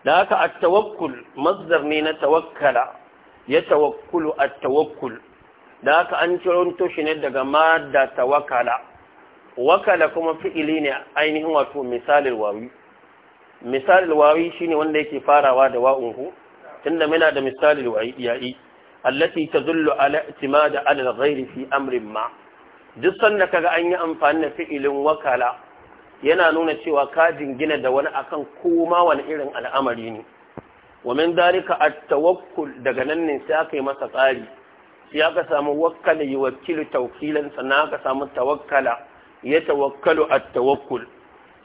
da haka a tawakkul mazdar ne na tawakkala ya tawakkulu a tawakkul da haka an ciro shi ne daga ma da tawakkala wakala kuma fi'ili ne ainihin wato misalil wawi misalil wawi shine wanda yake farawa da wa'un hu tunda muna da misalil wawi yayi allati tadullu ala i'timad ala ghairi fi amrin ma duk sanda kaga an yi amfani da fi'ilin wakala yana nuna cewa ka jingina da wani akan koma wani irin al'amari ne wa min dalika at-tawakkul daga nan ne sai aka yi masa tsari sai aka samu wakkala yuwakkilu tawkilan sannan aka samu tawakkala ya tawakkalu at-tawakkul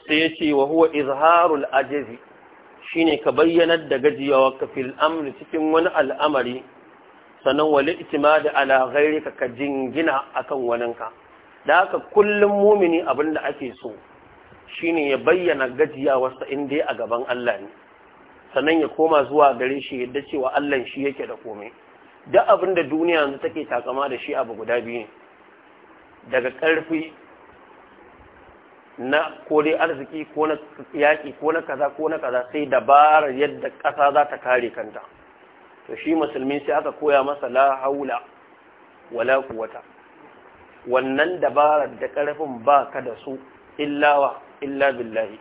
sai ya ce wa huwa izharul ajazi shine ka bayyanar da gajiyawa ka fil amri cikin wani al'amari sannan wali itimadi ala ghairika ka jingina akan waninka da haka kullum mumini abinda ake so shine ya bayyana gajiyawarsa in dai a gaban Allah ne sannan ya koma zuwa gare shi yadda cewa Allah shi yake da komai duk abinda duniya yanzu take takama da shi abu guda biyu daga ƙarfi na ko dai arziki ko na yaƙi ko na kaza ko na kaza sai dabarar yadda ƙasa za ta kare kanta to shi musulmi sai aka koya masa la haula wala quwata wannan dabarar da ƙarfin ba ka da su illawa illa billahi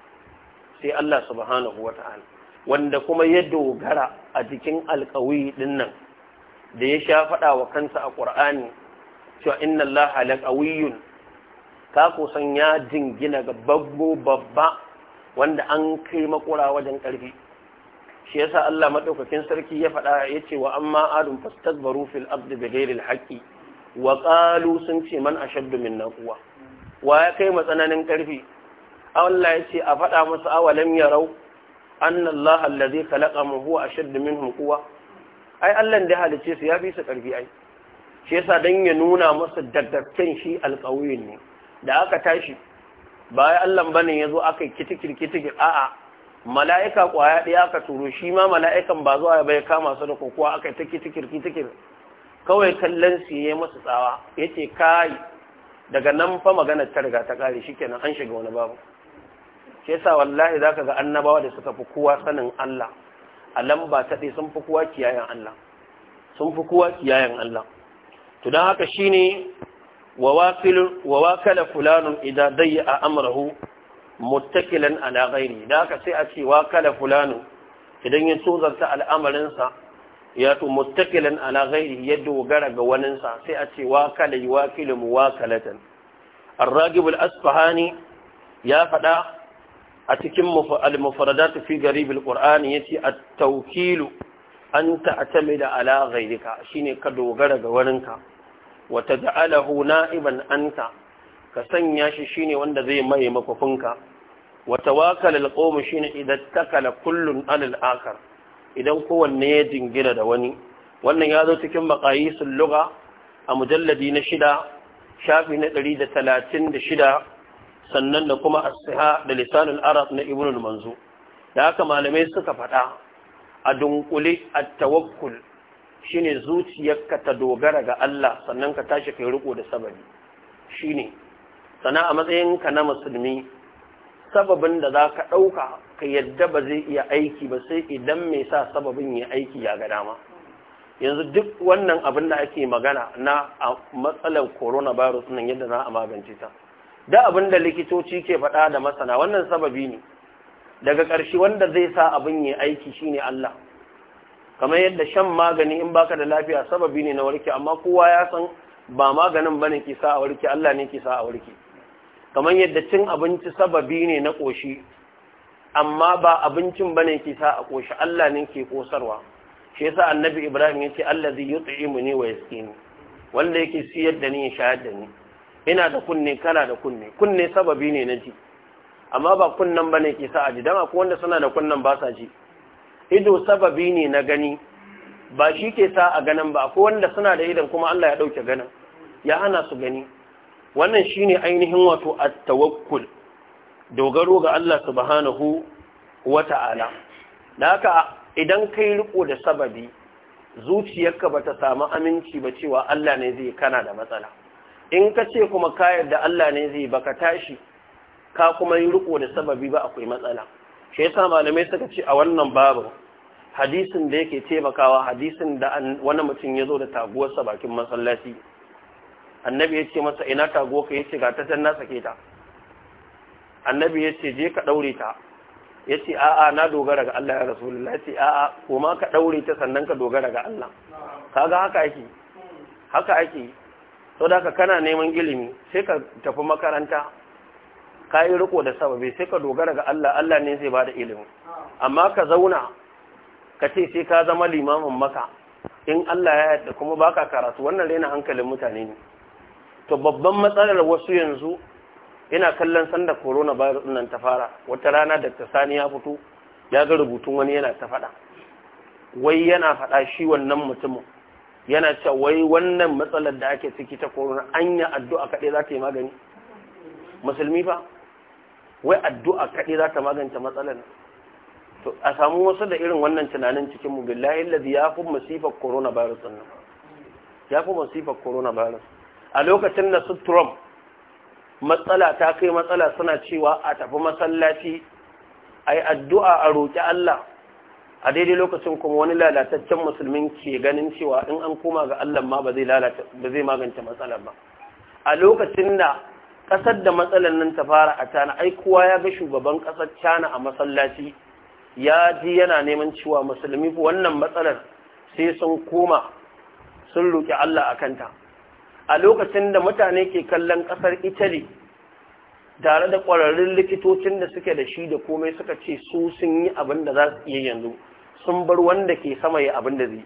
sai Allah subhanahu wata'ala wanda kuma ya dogara a jikin alƙawi din nan da ya sha faɗa wa kansa a ƙur'ani cewa inna Allah laqawiyyun ka kusan ya jingina ga babbo babba wanda an kai makura wajen karfi. shi yasa Allah madaukakin sarki ya faɗa ya ce wa amma adun fastakbaru fil abdi bi ghairil haqqi wa qalu sun ce man ashaddu minna quwa wa ya kai matsananin ƙarfi Allah ya ce a faɗa musu awalam yarau anna Allah allazi khalaqahum huwa ashaddu minhum quwa ai Allah da halice su ya fi su ƙarfi ai shi yasa dan ya nuna musu daddaken shi alƙawiyin ne da aka tashi baya Allah bane ya zo aka yi kitikir a'a mala'ika kwaya ɗaya aka turo shi ma mala'ikan ba zuwa ya bai kama su da kokowa aka ta kitikir kitikir kawai kallon su yi masu tsawa ce kai daga nan fa magana ta riga ta kare shi shikenan an shiga wani babu shi yasa wallahi ka ga annabawa da suka fi kowa sanin Allah a lamba ta ɗaya sun fi kowa kiyayen Allah sun fi kowa kiyayen Allah to don haka shine wawakala fulanun idan dai a amurahu mutakilan alaƙairi da aka sai a ce wakala fulanun idan yin tozarta al'amarinsa ya to mutakilan alaƙairi ya dogara ga waninsa sai a ce wakala yi wakilin wakalatan arragibul asfahani ya faɗa a cikin al-mufarada ta fi garibin ƙur'ani ya ce a taukilu an ta'atame da alaƙairika shi ne ka dogara ga waninka alahu na na'iban anka ka sanya shi shine wanda zai maye makofinka Wata wakalal alqawm shine idan takala kullun alal akhar idan kowanne ya dingira da wani wannan ya zo cikin maqayisul lugha a mujalladi na shida shafi na 136 sannan da kuma as-siha da lisanul arab na ibnul manzu da haka malamai suka faɗa a dunkule at-tawakkul shine zuciyarka ta dogara ga Allah sannan ka tashi kai riko da sababi shine sana a ka na musulmi sababin da za ka ɗauka ka yadda ba zai iya aiki ba sai idan mai sa sababin ya aiki ya ga dama yanzu duk wannan abin da ake magana na a matsalar coronavirus nan yadda za a magance ta da abin da likitoci ke faɗa da masana wannan sababi ne daga ƙarshe wanda zai sa abin ya aiki shine Allah kamar yadda shan magani in baka da lafiya sababi ne na warke amma kowa ya san ba maganin bane ke sa a warke Allah ne ke a warke kamar yadda cin abinci sababi ne na koshi amma ba abincin bane ke sa a koshi Allah ne ke kosarwa shi yasa annabi Ibrahim yace allazi yut'imu ni wa yaskini wanda yake siyar da ni ya shayar da ni ina da kunne kana da kunne kunne sababi ne na ji amma ba kunnan bane ke sa a ji dan akwai wanda suna da kunnan ba sa ji ido sababi ne na gani ba shi ke sa a ganin ba ko wanda suna da idan kuma Allah ya ɗauke ganin ya hana su gani wannan shine ainihin wato a tawakkul dogaro ga Allah subhanahu ta'ala da haka idan ka yi riko da sababi zuciyarka ba ta samu aminci ba cewa Allah ne zai kana da matsala in ka ce kuma ka yarda Allah ne zai baka tashi ka kuma yi riko da sababi ba akwai matsala shi yasa malamai suka ce a wannan babu hadisin da yake taimakawa hadisin da wani mutum ya zo da taguwarsa bakin masallaci annabi ya ce masa ina taguwa ya ce ga ta can na sake ta annabi ya ce je ka ɗaure ta ya ce a'a na dogara ga Allah ya rasulullah ya ce a'a kuma ka ɗaure ta sannan ka dogara ga Allah kaga haka ake haka ake sau da ka kana neman ilimi sai ka tafi makaranta ka yi riko da sababi sai ka dogara ga Allah Allah ne zai da ilimi amma ka zauna ka ce sai ka zama limamin maka in Allah ya yarda kuma baka karatu wannan rena hankalin mutane ne to babban matsalar wasu yanzu ina kallon sanda corona virus nan ta fara wata rana da ta sani ya fito ya ga rubutun wani yana ta faɗa wai yana faɗa shi wannan mutumin yana cewa wai wannan matsalar da ake ciki ta corona anya addu'a kaɗai za ta yi magani musulmi fa wai addu'a kaɗai za ta magance matsalar to a samu wasu da irin wannan tunanin cikin mu billahi allazi ya fi masifar coronavirus din ya fi masifar coronavirus a lokacin da su Trump matsala ta kai matsala suna cewa a tafi masallaci ai addu'a a roki Allah a daidai lokacin kuma wani lalataccen musulmin ke ganin cewa in an koma ga Allah ma ba zai magance matsalar ba a lokacin da kasar da matsalar nan ta fara a cana ai kowa ya ga shugaban ƙasar cana a masallaci ya ji yana neman cewa musulmi wannan matsalar sai sun koma sun roƙi Allah a kanta a lokacin da mutane ke kallon ƙasar Italy tare da ƙwararrun likitocin da suke da shi da komai suka ce su sun yi abin da za su iya yanzu sun bar wanda ke sama ya abin da zai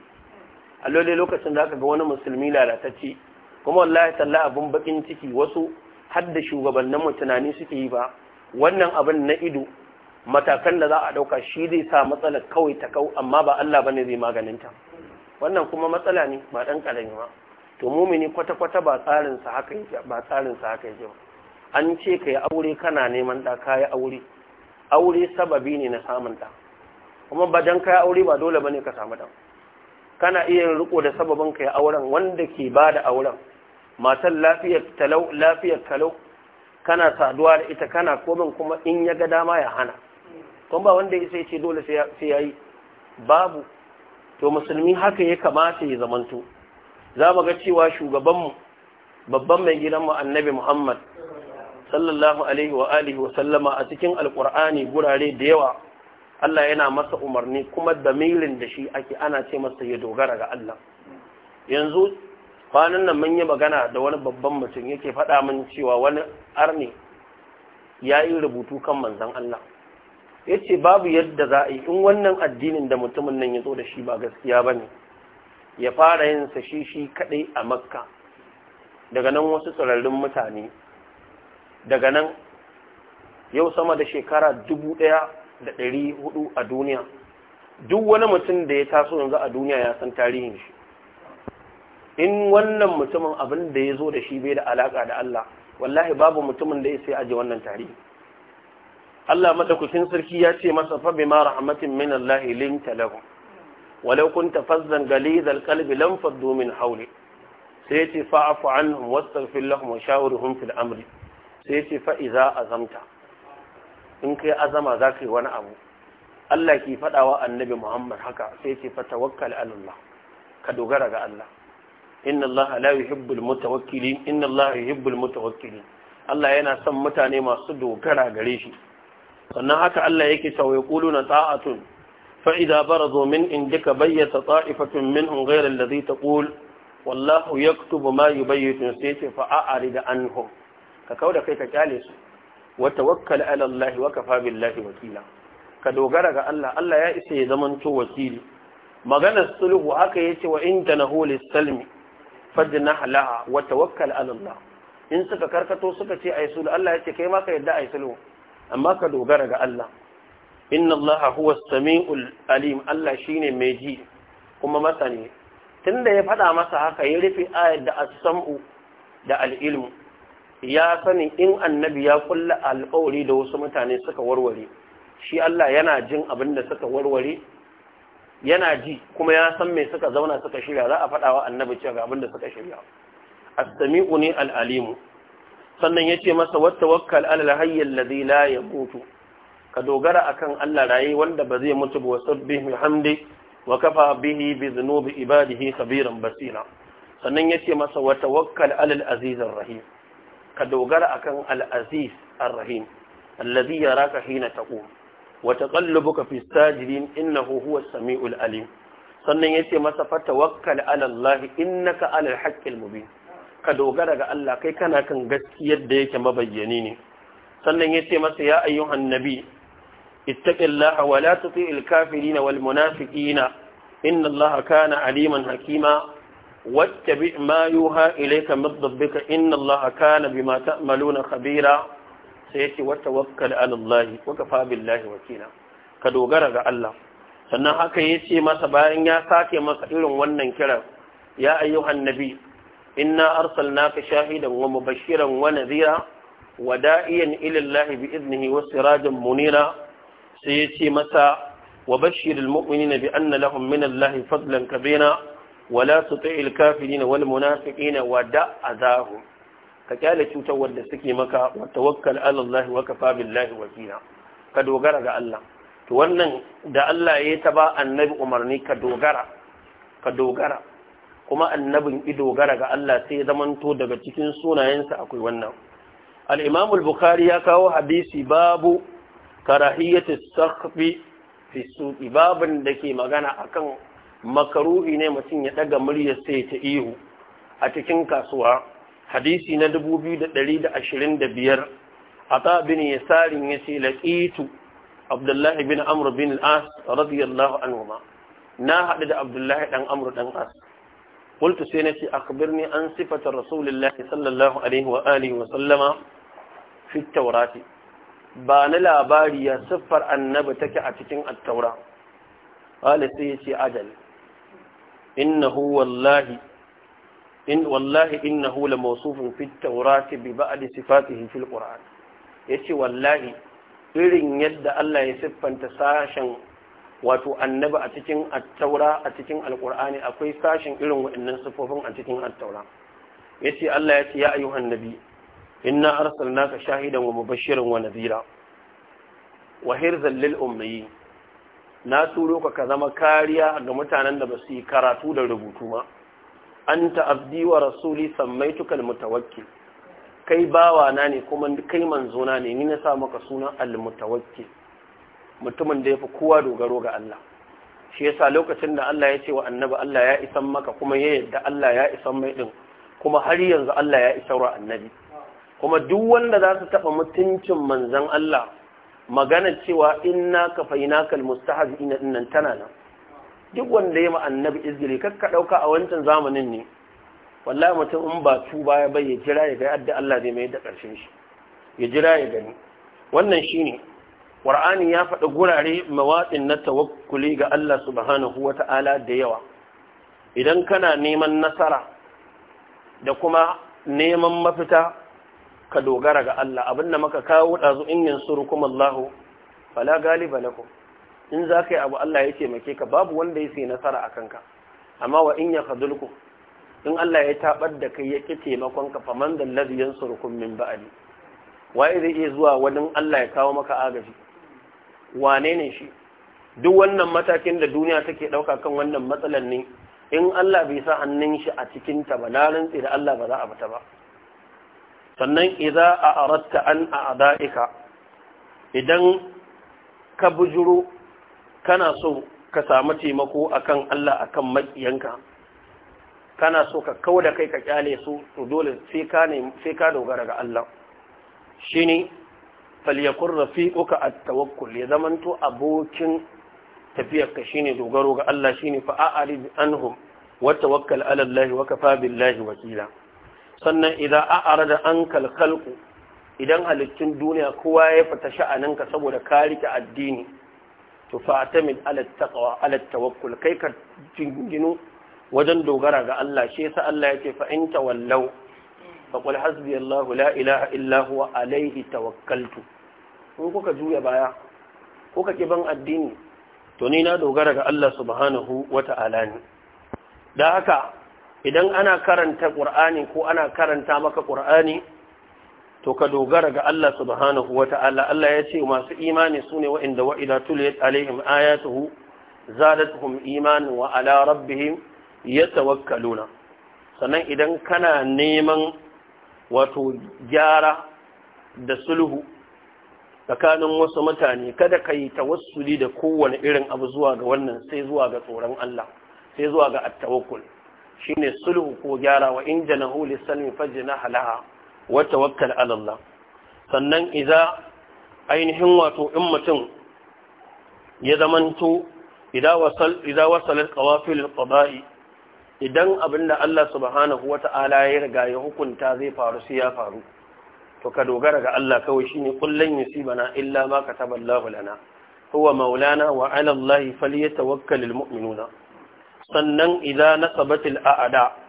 a lokacin da aka ga wani musulmi lalatacce kuma wallahi talla abin bakin ciki wasu har da shugabanninmu tunani suke yi ba wannan abin na ido matakan da za a ɗauka shi zai sa matsalar kawai ta kawai amma ba Allah ba ne zai maganinta wannan kuma matsala ne ba ɗan ƙarami ba to mumini kwata-kwata ba tsarinsa haka yi ba tsarinsa haka ba an ce ka yi aure kana neman ɗa ka yi aure aure sababi ne na samun ɗa kuma ba don ka yi aure ba dole ba ne ka samu ɗan kana iya riko da sababin ka yi auren wanda ke ba da auren matan lafiyar talau kalau kana saduwa da ita kana komin kuma in ya ga dama ya hana kuma ba wanda ya ce dole sai yayi babu to musulmi haka ya kamata ya zamanto za mu ga cewa shugabanmu babban mai gidanmu annabi Muhammad sallallahu alaihi wa alihi wa sallama a cikin alkur'ani gurare da yawa Allah yana masa umarni kuma da milin da shi ake ana ce masa ya dogara ga Allah yanzu kwanan nan mun yi magana da wani babban mutum yake faɗa min cewa wani arni ya yi rubutu kan manzan Allah ya ce babu yadda za a yi in wannan addinin da mutumin nan ya zo da shi ba gaskiya ba ne ya fara yin sa shi shi kaɗai a makka daga nan wasu tsirarrun mutane daga nan yau sama da shekara dubu ɗaya da ɗari hudu a duniya duk wani mutum da ya taso yanzu a duniya ya san tarihin shi in wannan mutumin abin da ya zo da shi bai da alaka da Allah wallahi babu mutumin da ya sai aje wannan tarihi Allah madaukakin sarki ya ce masa fa bima rahmatin min Allah linta lahu walau kunta fazzan galizal qalbi lam faddu min hawli sai yace fa'fu anhum wastaghfir lahum wa shawirhum fil amri sai ce fa idza azamta in kai azama zaka yi wani abu Allah ki faɗawa annabi Muhammad haka sai ce fa tawakkal ala Allah ka dogara ga Allah inna Allah la yuhibbul mutawakkilin inna Allah yuhibbul mutawakkilin Allah yana son mutane masu dogara gare shi sannan haka Allah yake cewa yaquluna ta'atun fa idza baradu min indika bayyata ta'ifatun minhum ghayra alladhi taqul wallahu yaktubu ma yubayyitu sayfa fa'arid anhum ka kauda kai ka kyale su wa tawakkal ala Allah wa kafa billahi wakila ka dogara ga Allah Allah ya isa ya zamanto wakili maganar sulhu haka yace wa in tanahu lis-salmi Fadina laha wa tawakkal ala Allah in suka karkato suka ce ayi sulhu Allah yace kai ma ka yadda ayi sulhu amma ka dogara ga Allah inna Allah huwa samiul alim Allah shine mai ji kuma masani tunda ya faɗa masa haka ya rufe ayat da as-sam'u da al ilm ya sani in annabi ya kulla alƙawari da wasu mutane suka warware shi Allah yana jin abinda suka warware yana ji kuma ya san me suka zauna suka shirya za a faɗa wa annabi cewa ga da suka shirya as-sami'u ne al'alimu. alimu sannan yace masa wattawakkal ala al-hayy alladhi ya yamutu ka dogara akan Allah rayi wanda ba zai mutu ba sabbih bihamdi wa kafa bihi bi dhunubi ibadihi khabiran basira sannan yace masa watawakkal ala al ar-rahim ka dogara akan al-aziz ar-rahim alladhi yaraka hina taqum wa taqallubuka fi sajidin innahu huwa samiul alim sannan yace masa fatawakkal ala Allah innaka ala alhaqqil mubin ka dogara ga Allah kai kana kan gaskiyar da yake mabayyani ne sannan yace masa ya ayyuhan nabi ittaqillaha wa la tuti'il kafirin wal munafiqina inna Allah kana aliman hakima wattabi' ma yuha ilayka min rabbika inna Allah kana bima ta'maluna khabira sai yace wata tawakkal ala Allah kafa billahi wakila ka dogara ga Allah sannan haka yace masa bayan ya sake masa irin wannan kira ya ayyuhan nabi inna arsalnaka shahidan wa mubashiran wa nadhira wa da'iyan ila Allah bi idnihi wa sirajan munira sai yace masa wa bashiril mu'minina bi anna lahum min Allah fadlan kabira ولا تطع الكافرين والمنافقين ودع أذاهم ka kyale cutar wanda suke maka wa tawakkal ala Allah wa kafa billahi wakila ka dogara ga Allah to wannan da Allah ya ta ba annabi umarni ka dogara ka dogara kuma annabin i dogara ga Allah sai ya zamanto daga cikin sunayensa akwai wannan al-Imam al-Bukhari ya kawo hadisi babu karahiyatu sakhfi fi suqi babin da ke magana akan makaruhi ne mutum ya daga muryar sai ta ihu a cikin kasuwa hadisi na 2225 ata bin yasarin yace laqitu abdullah ibn Abdullahi bin Amur bin as radiyallahu anhuma na haɗu da Abdullahi dan Amur ɗan as qultu sai na nace akhbirni an sifata rasulullah sallallahu alaihi wa alihi wa sallama fi at-taurati ba na labari ya siffar annabi take a cikin at-taura qala sai yace ajal innahu wallahi in wallahi innahu la mawsufun fit tawrati bi ba'd sifatihi fil qur'an yace wallahi irin yadda Allah ya siffanta sashen wato annabi a cikin at-taura a cikin Al-Qur'ani, akwai sashen irin waɗannan sifofin a cikin at-taura yace Allah yace ya ayyuhan nabi inna arsalnaka shahidan wa mubashiran wa nadhira wa hirzan lil ummiyi na turo ka zama kariya ga mutanen da basu yi karatu da rubutu ma anta abdi wa rasuli sammaituka almutawakkil kai bawa na ne kuma kai manzo na ne ni na sa maka sunan almutawakkil mutumin da yafi kowa dogaro ga Allah shi yasa lokacin da Allah ya ce wa annabi Allah ya isan maka kuma ya yadda Allah ya isan mai din kuma har yanzu Allah ya isa wa annabi kuma duk wanda za su taɓa mutuncin manzon Allah magana cewa inna kafainaka almustahzi ina dinnan tana nan duk wanda ya annabi izgiri kakka ɗauka a wancan zamanin ne wallahi mutum in ba tu baya bai ya jira ya ga yadda Allah zai mai da ƙarshen shi ya jira ya gani wannan shine Qur'ani ya faɗi gurare mawatsin na tawakkuli ga Allah subhanahu wata'ala da yawa idan kana neman nasara da kuma neman mafita ka dogara ga Allah abinda maka kawo ɗazu in yansurukum Allah fala galiba lakum in za ka yi abu Allah ya taimake ka babu wanda ya sai nasara a kanka amma wa in ya fadulku in Allah ya tabar da kai ya ki taimakon ka faman da ladhi yansurukum min ba'di Wa zai iya zuwa wajen Allah ya kawo maka agaji wane ne shi duk wannan matakin da duniya take ɗauka kan wannan matsalan ne in Allah bai sa hannun shi a cikin ta ba na da Allah ba za a fita ba sannan idza a an a'daika idan ka bujuro kana so ka samu taimako akan Allah akan makiyanka kana so ka kawo da kai ka kyale su to dole sai ka dogara ga Allah ne falyakun rafiquka a tawakkul ya zamanto abokin tafiyarka ne dogaro ga Allah shi fa fa’a’ari anhum wa wata ala wa kafa billahi wakila sannan idza a'rada da an kalkalku idan halittun duniya kowa ya fita sha'aninka saboda ka rike addini to fatamin ala taqwa ala tawakkul kai ka jinginu wajen dogara ga Allah shi yasa Allah yake fa in wallau. fa qul la ilaha illa huwa alayhi tawakkaltu ko kuka juya baya kuka ki ban addini to ni na dogara ga Allah subhanahu wata'ala ne da haka idan ana karanta Qur'ani ko ana karanta maka Qur'ani to ka dogara ga Allah subhanahu wata'ala Allah ya ce masu imani sune wa'inda wa idza alaihim ayatuhu zadatuhum iman wa ala rabbihim yatawakkaluna sannan idan kana neman wato gyara da sulhu tsakanin wasu mutane kada ka yi tawassuli da kowane irin abu zuwa ga wannan sai zuwa ga tsoron Allah sai zuwa ga at-tawakkul shine sulhu ko gyara wa in janahu lisalmi fajnaha halaha. Wata wakkar alallah. sannan idza ainihin wato in mutum ya zamanto idza wasal idza wasalat qawafil qada'i idan Allah subhanahu wata'ala ya riga ya hukunta zai faru sai ya faru to ka dogara ga Allah kawai shine kullun yusibana illa ma kataballahu lana huwa maulana wa ala Allah falyatawakkalul mu'minuna sannan idza nasabatil a'da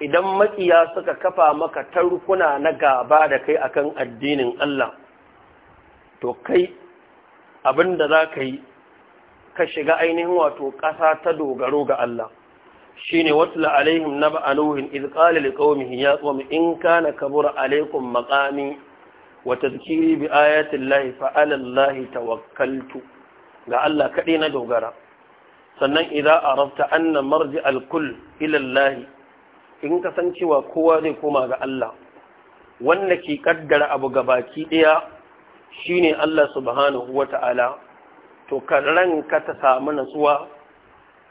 idan maƙiya suka kafa maka tarkuna na gaba da kai akan addinin Allah to kai abinda za ka yi ka shiga ainihin wato ƙasa ta dogaro ga Allah Shi shine watla alaihim na anuhin izkali da ƙaumihi ya tsomi in ka na kabura alaikum maƙami. Wata zikiri bi ayatun lahi fa lahi ta tawakkaltu ga Allah kaɗai na dogara sannan a arafta anna marji alkul ilallahi. in cewa kowa zai koma ga Allah wanda ke kaddara abu ga baki ɗaya shine Allah subhanahu ta'ala, to ka ranka ta samu natsuwa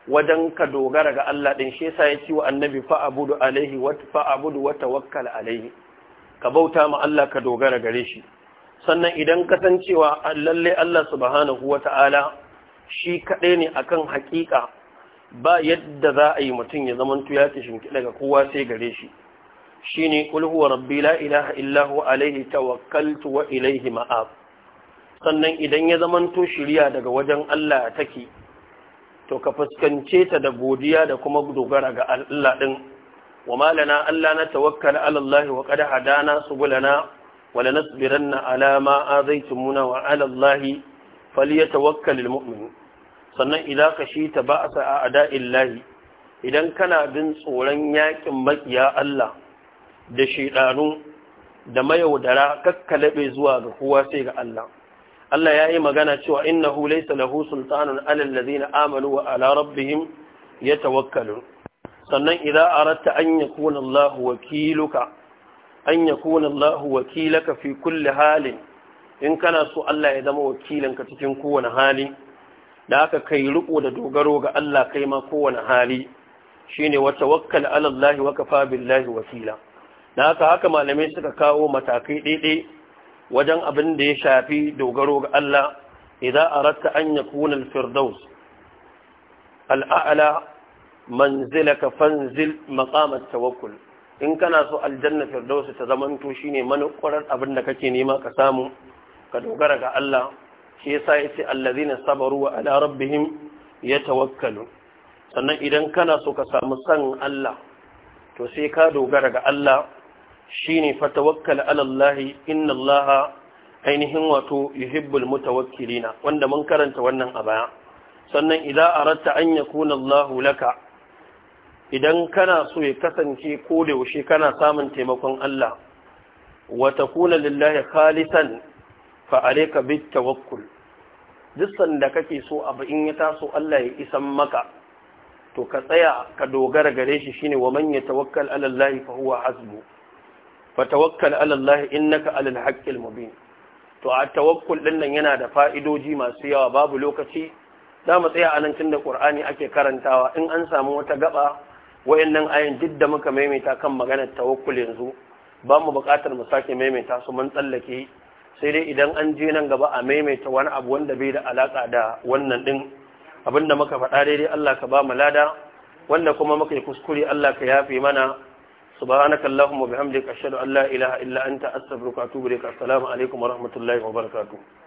wajen ka dogara ga Allah ɗin shi yasa ya ci wa annabi fa'abudu alaihi wa fa'abudu wa tawakkal alaihi ka bauta ma Allah ka dogara gare shi sannan idan cewa lalle Allah subhanahu ta'ala, shi kaɗai ne akan haƙiƙa ba yadda za a yi mutum ya zama ya ta shinki ga kowa sai gare shi shi ne ƙulhuwa rabbi la ilaha illahu alaihi tawakkaltu wa ilaihi ma’af sannan idan ya zama to shirya daga wajen Allah take to ka fuskance ta da godiya da kuma dogara ga Allah ɗin wa malana Allah na tawakkala ala Allah wa kada hadana subulana wa lanasbiranna ala ma azaytumuna wa ala Allah falyatawakkalul mu'minun sannan idan ka shi ta ba a sa'a a idan kana bin tsoron yakin makiya Allah da shiɗanu da mayaudara laɓe zuwa ga kowa sai ga Allah Allah ya yi magana cewa innahu laysa lahu sultanun alal ladina amanu wa ala rabbihim yatawakkalun sannan idan aratta an yakuna Allah wakiluka an yakuna Allah wakilaka fi kulli halin in kana so Allah ya zama wakilinka cikin kowane hali da aka kai riko da dogaro ga Allah kai ma kowane hali shine wa tawakkal ala Allah wa kafa billahi wakila da haka haka malamai suka kawo matakai daidai wajen abin da ya shafi dogaro ga Allah idan aratta an yakuna al-firdaus al-a'la manzilaka fanzil maqam at-tawakkul in kana so aljanna firdaus ta zamanto shine manƙurar abin da kake nema ka samu ka dogara ga Allah shi yasa yace allazina sabaru wa ala rabbihim tawakkalu. sannan idan kana so ka samu san Allah to sai ka dogara ga Allah shine fatawakkal ala Allah inna Allah ainihin wato yuhibbul mutawakkilina wanda mun karanta wannan a baya sannan idza aratta an yakuna Allah laka idan kana so ya kasance ko da yaushe kana samun taimakon Allah wa takuna lillahi khalisan fa alayka bit tawakkul duk sanda kake so abu in ya taso Allah ya isan maka to ka tsaya ka dogara gare shi shine wa man yatawakkal ala Allah fa huwa hasbu fa tawakkal ala innaka ala haqqil mubin to a tawakkul din nan yana da fa'idoji masu yawa babu lokaci za mu tsaya a nan tun da Qur'ani ake karantawa in an samu wata gaba wayannan ayin duk da muka maimaita kan maganar tawakkul yanzu ba mu buƙatar mu sake maimaita su mun tsallake sai dai idan an je nan gaba a maimaita wani abu wanda bai da alaka da wannan din abinda muka faɗa daidai Allah ka ba mu lada wanda kuma muka yi kuskure Allah ka yafe mana subhanaka allahumma bihamdika ashhadu an la ilaha illa anta astaghfiruka wa atubu ilaik assalamu alaikum wa rahmatullahi wa barakatuh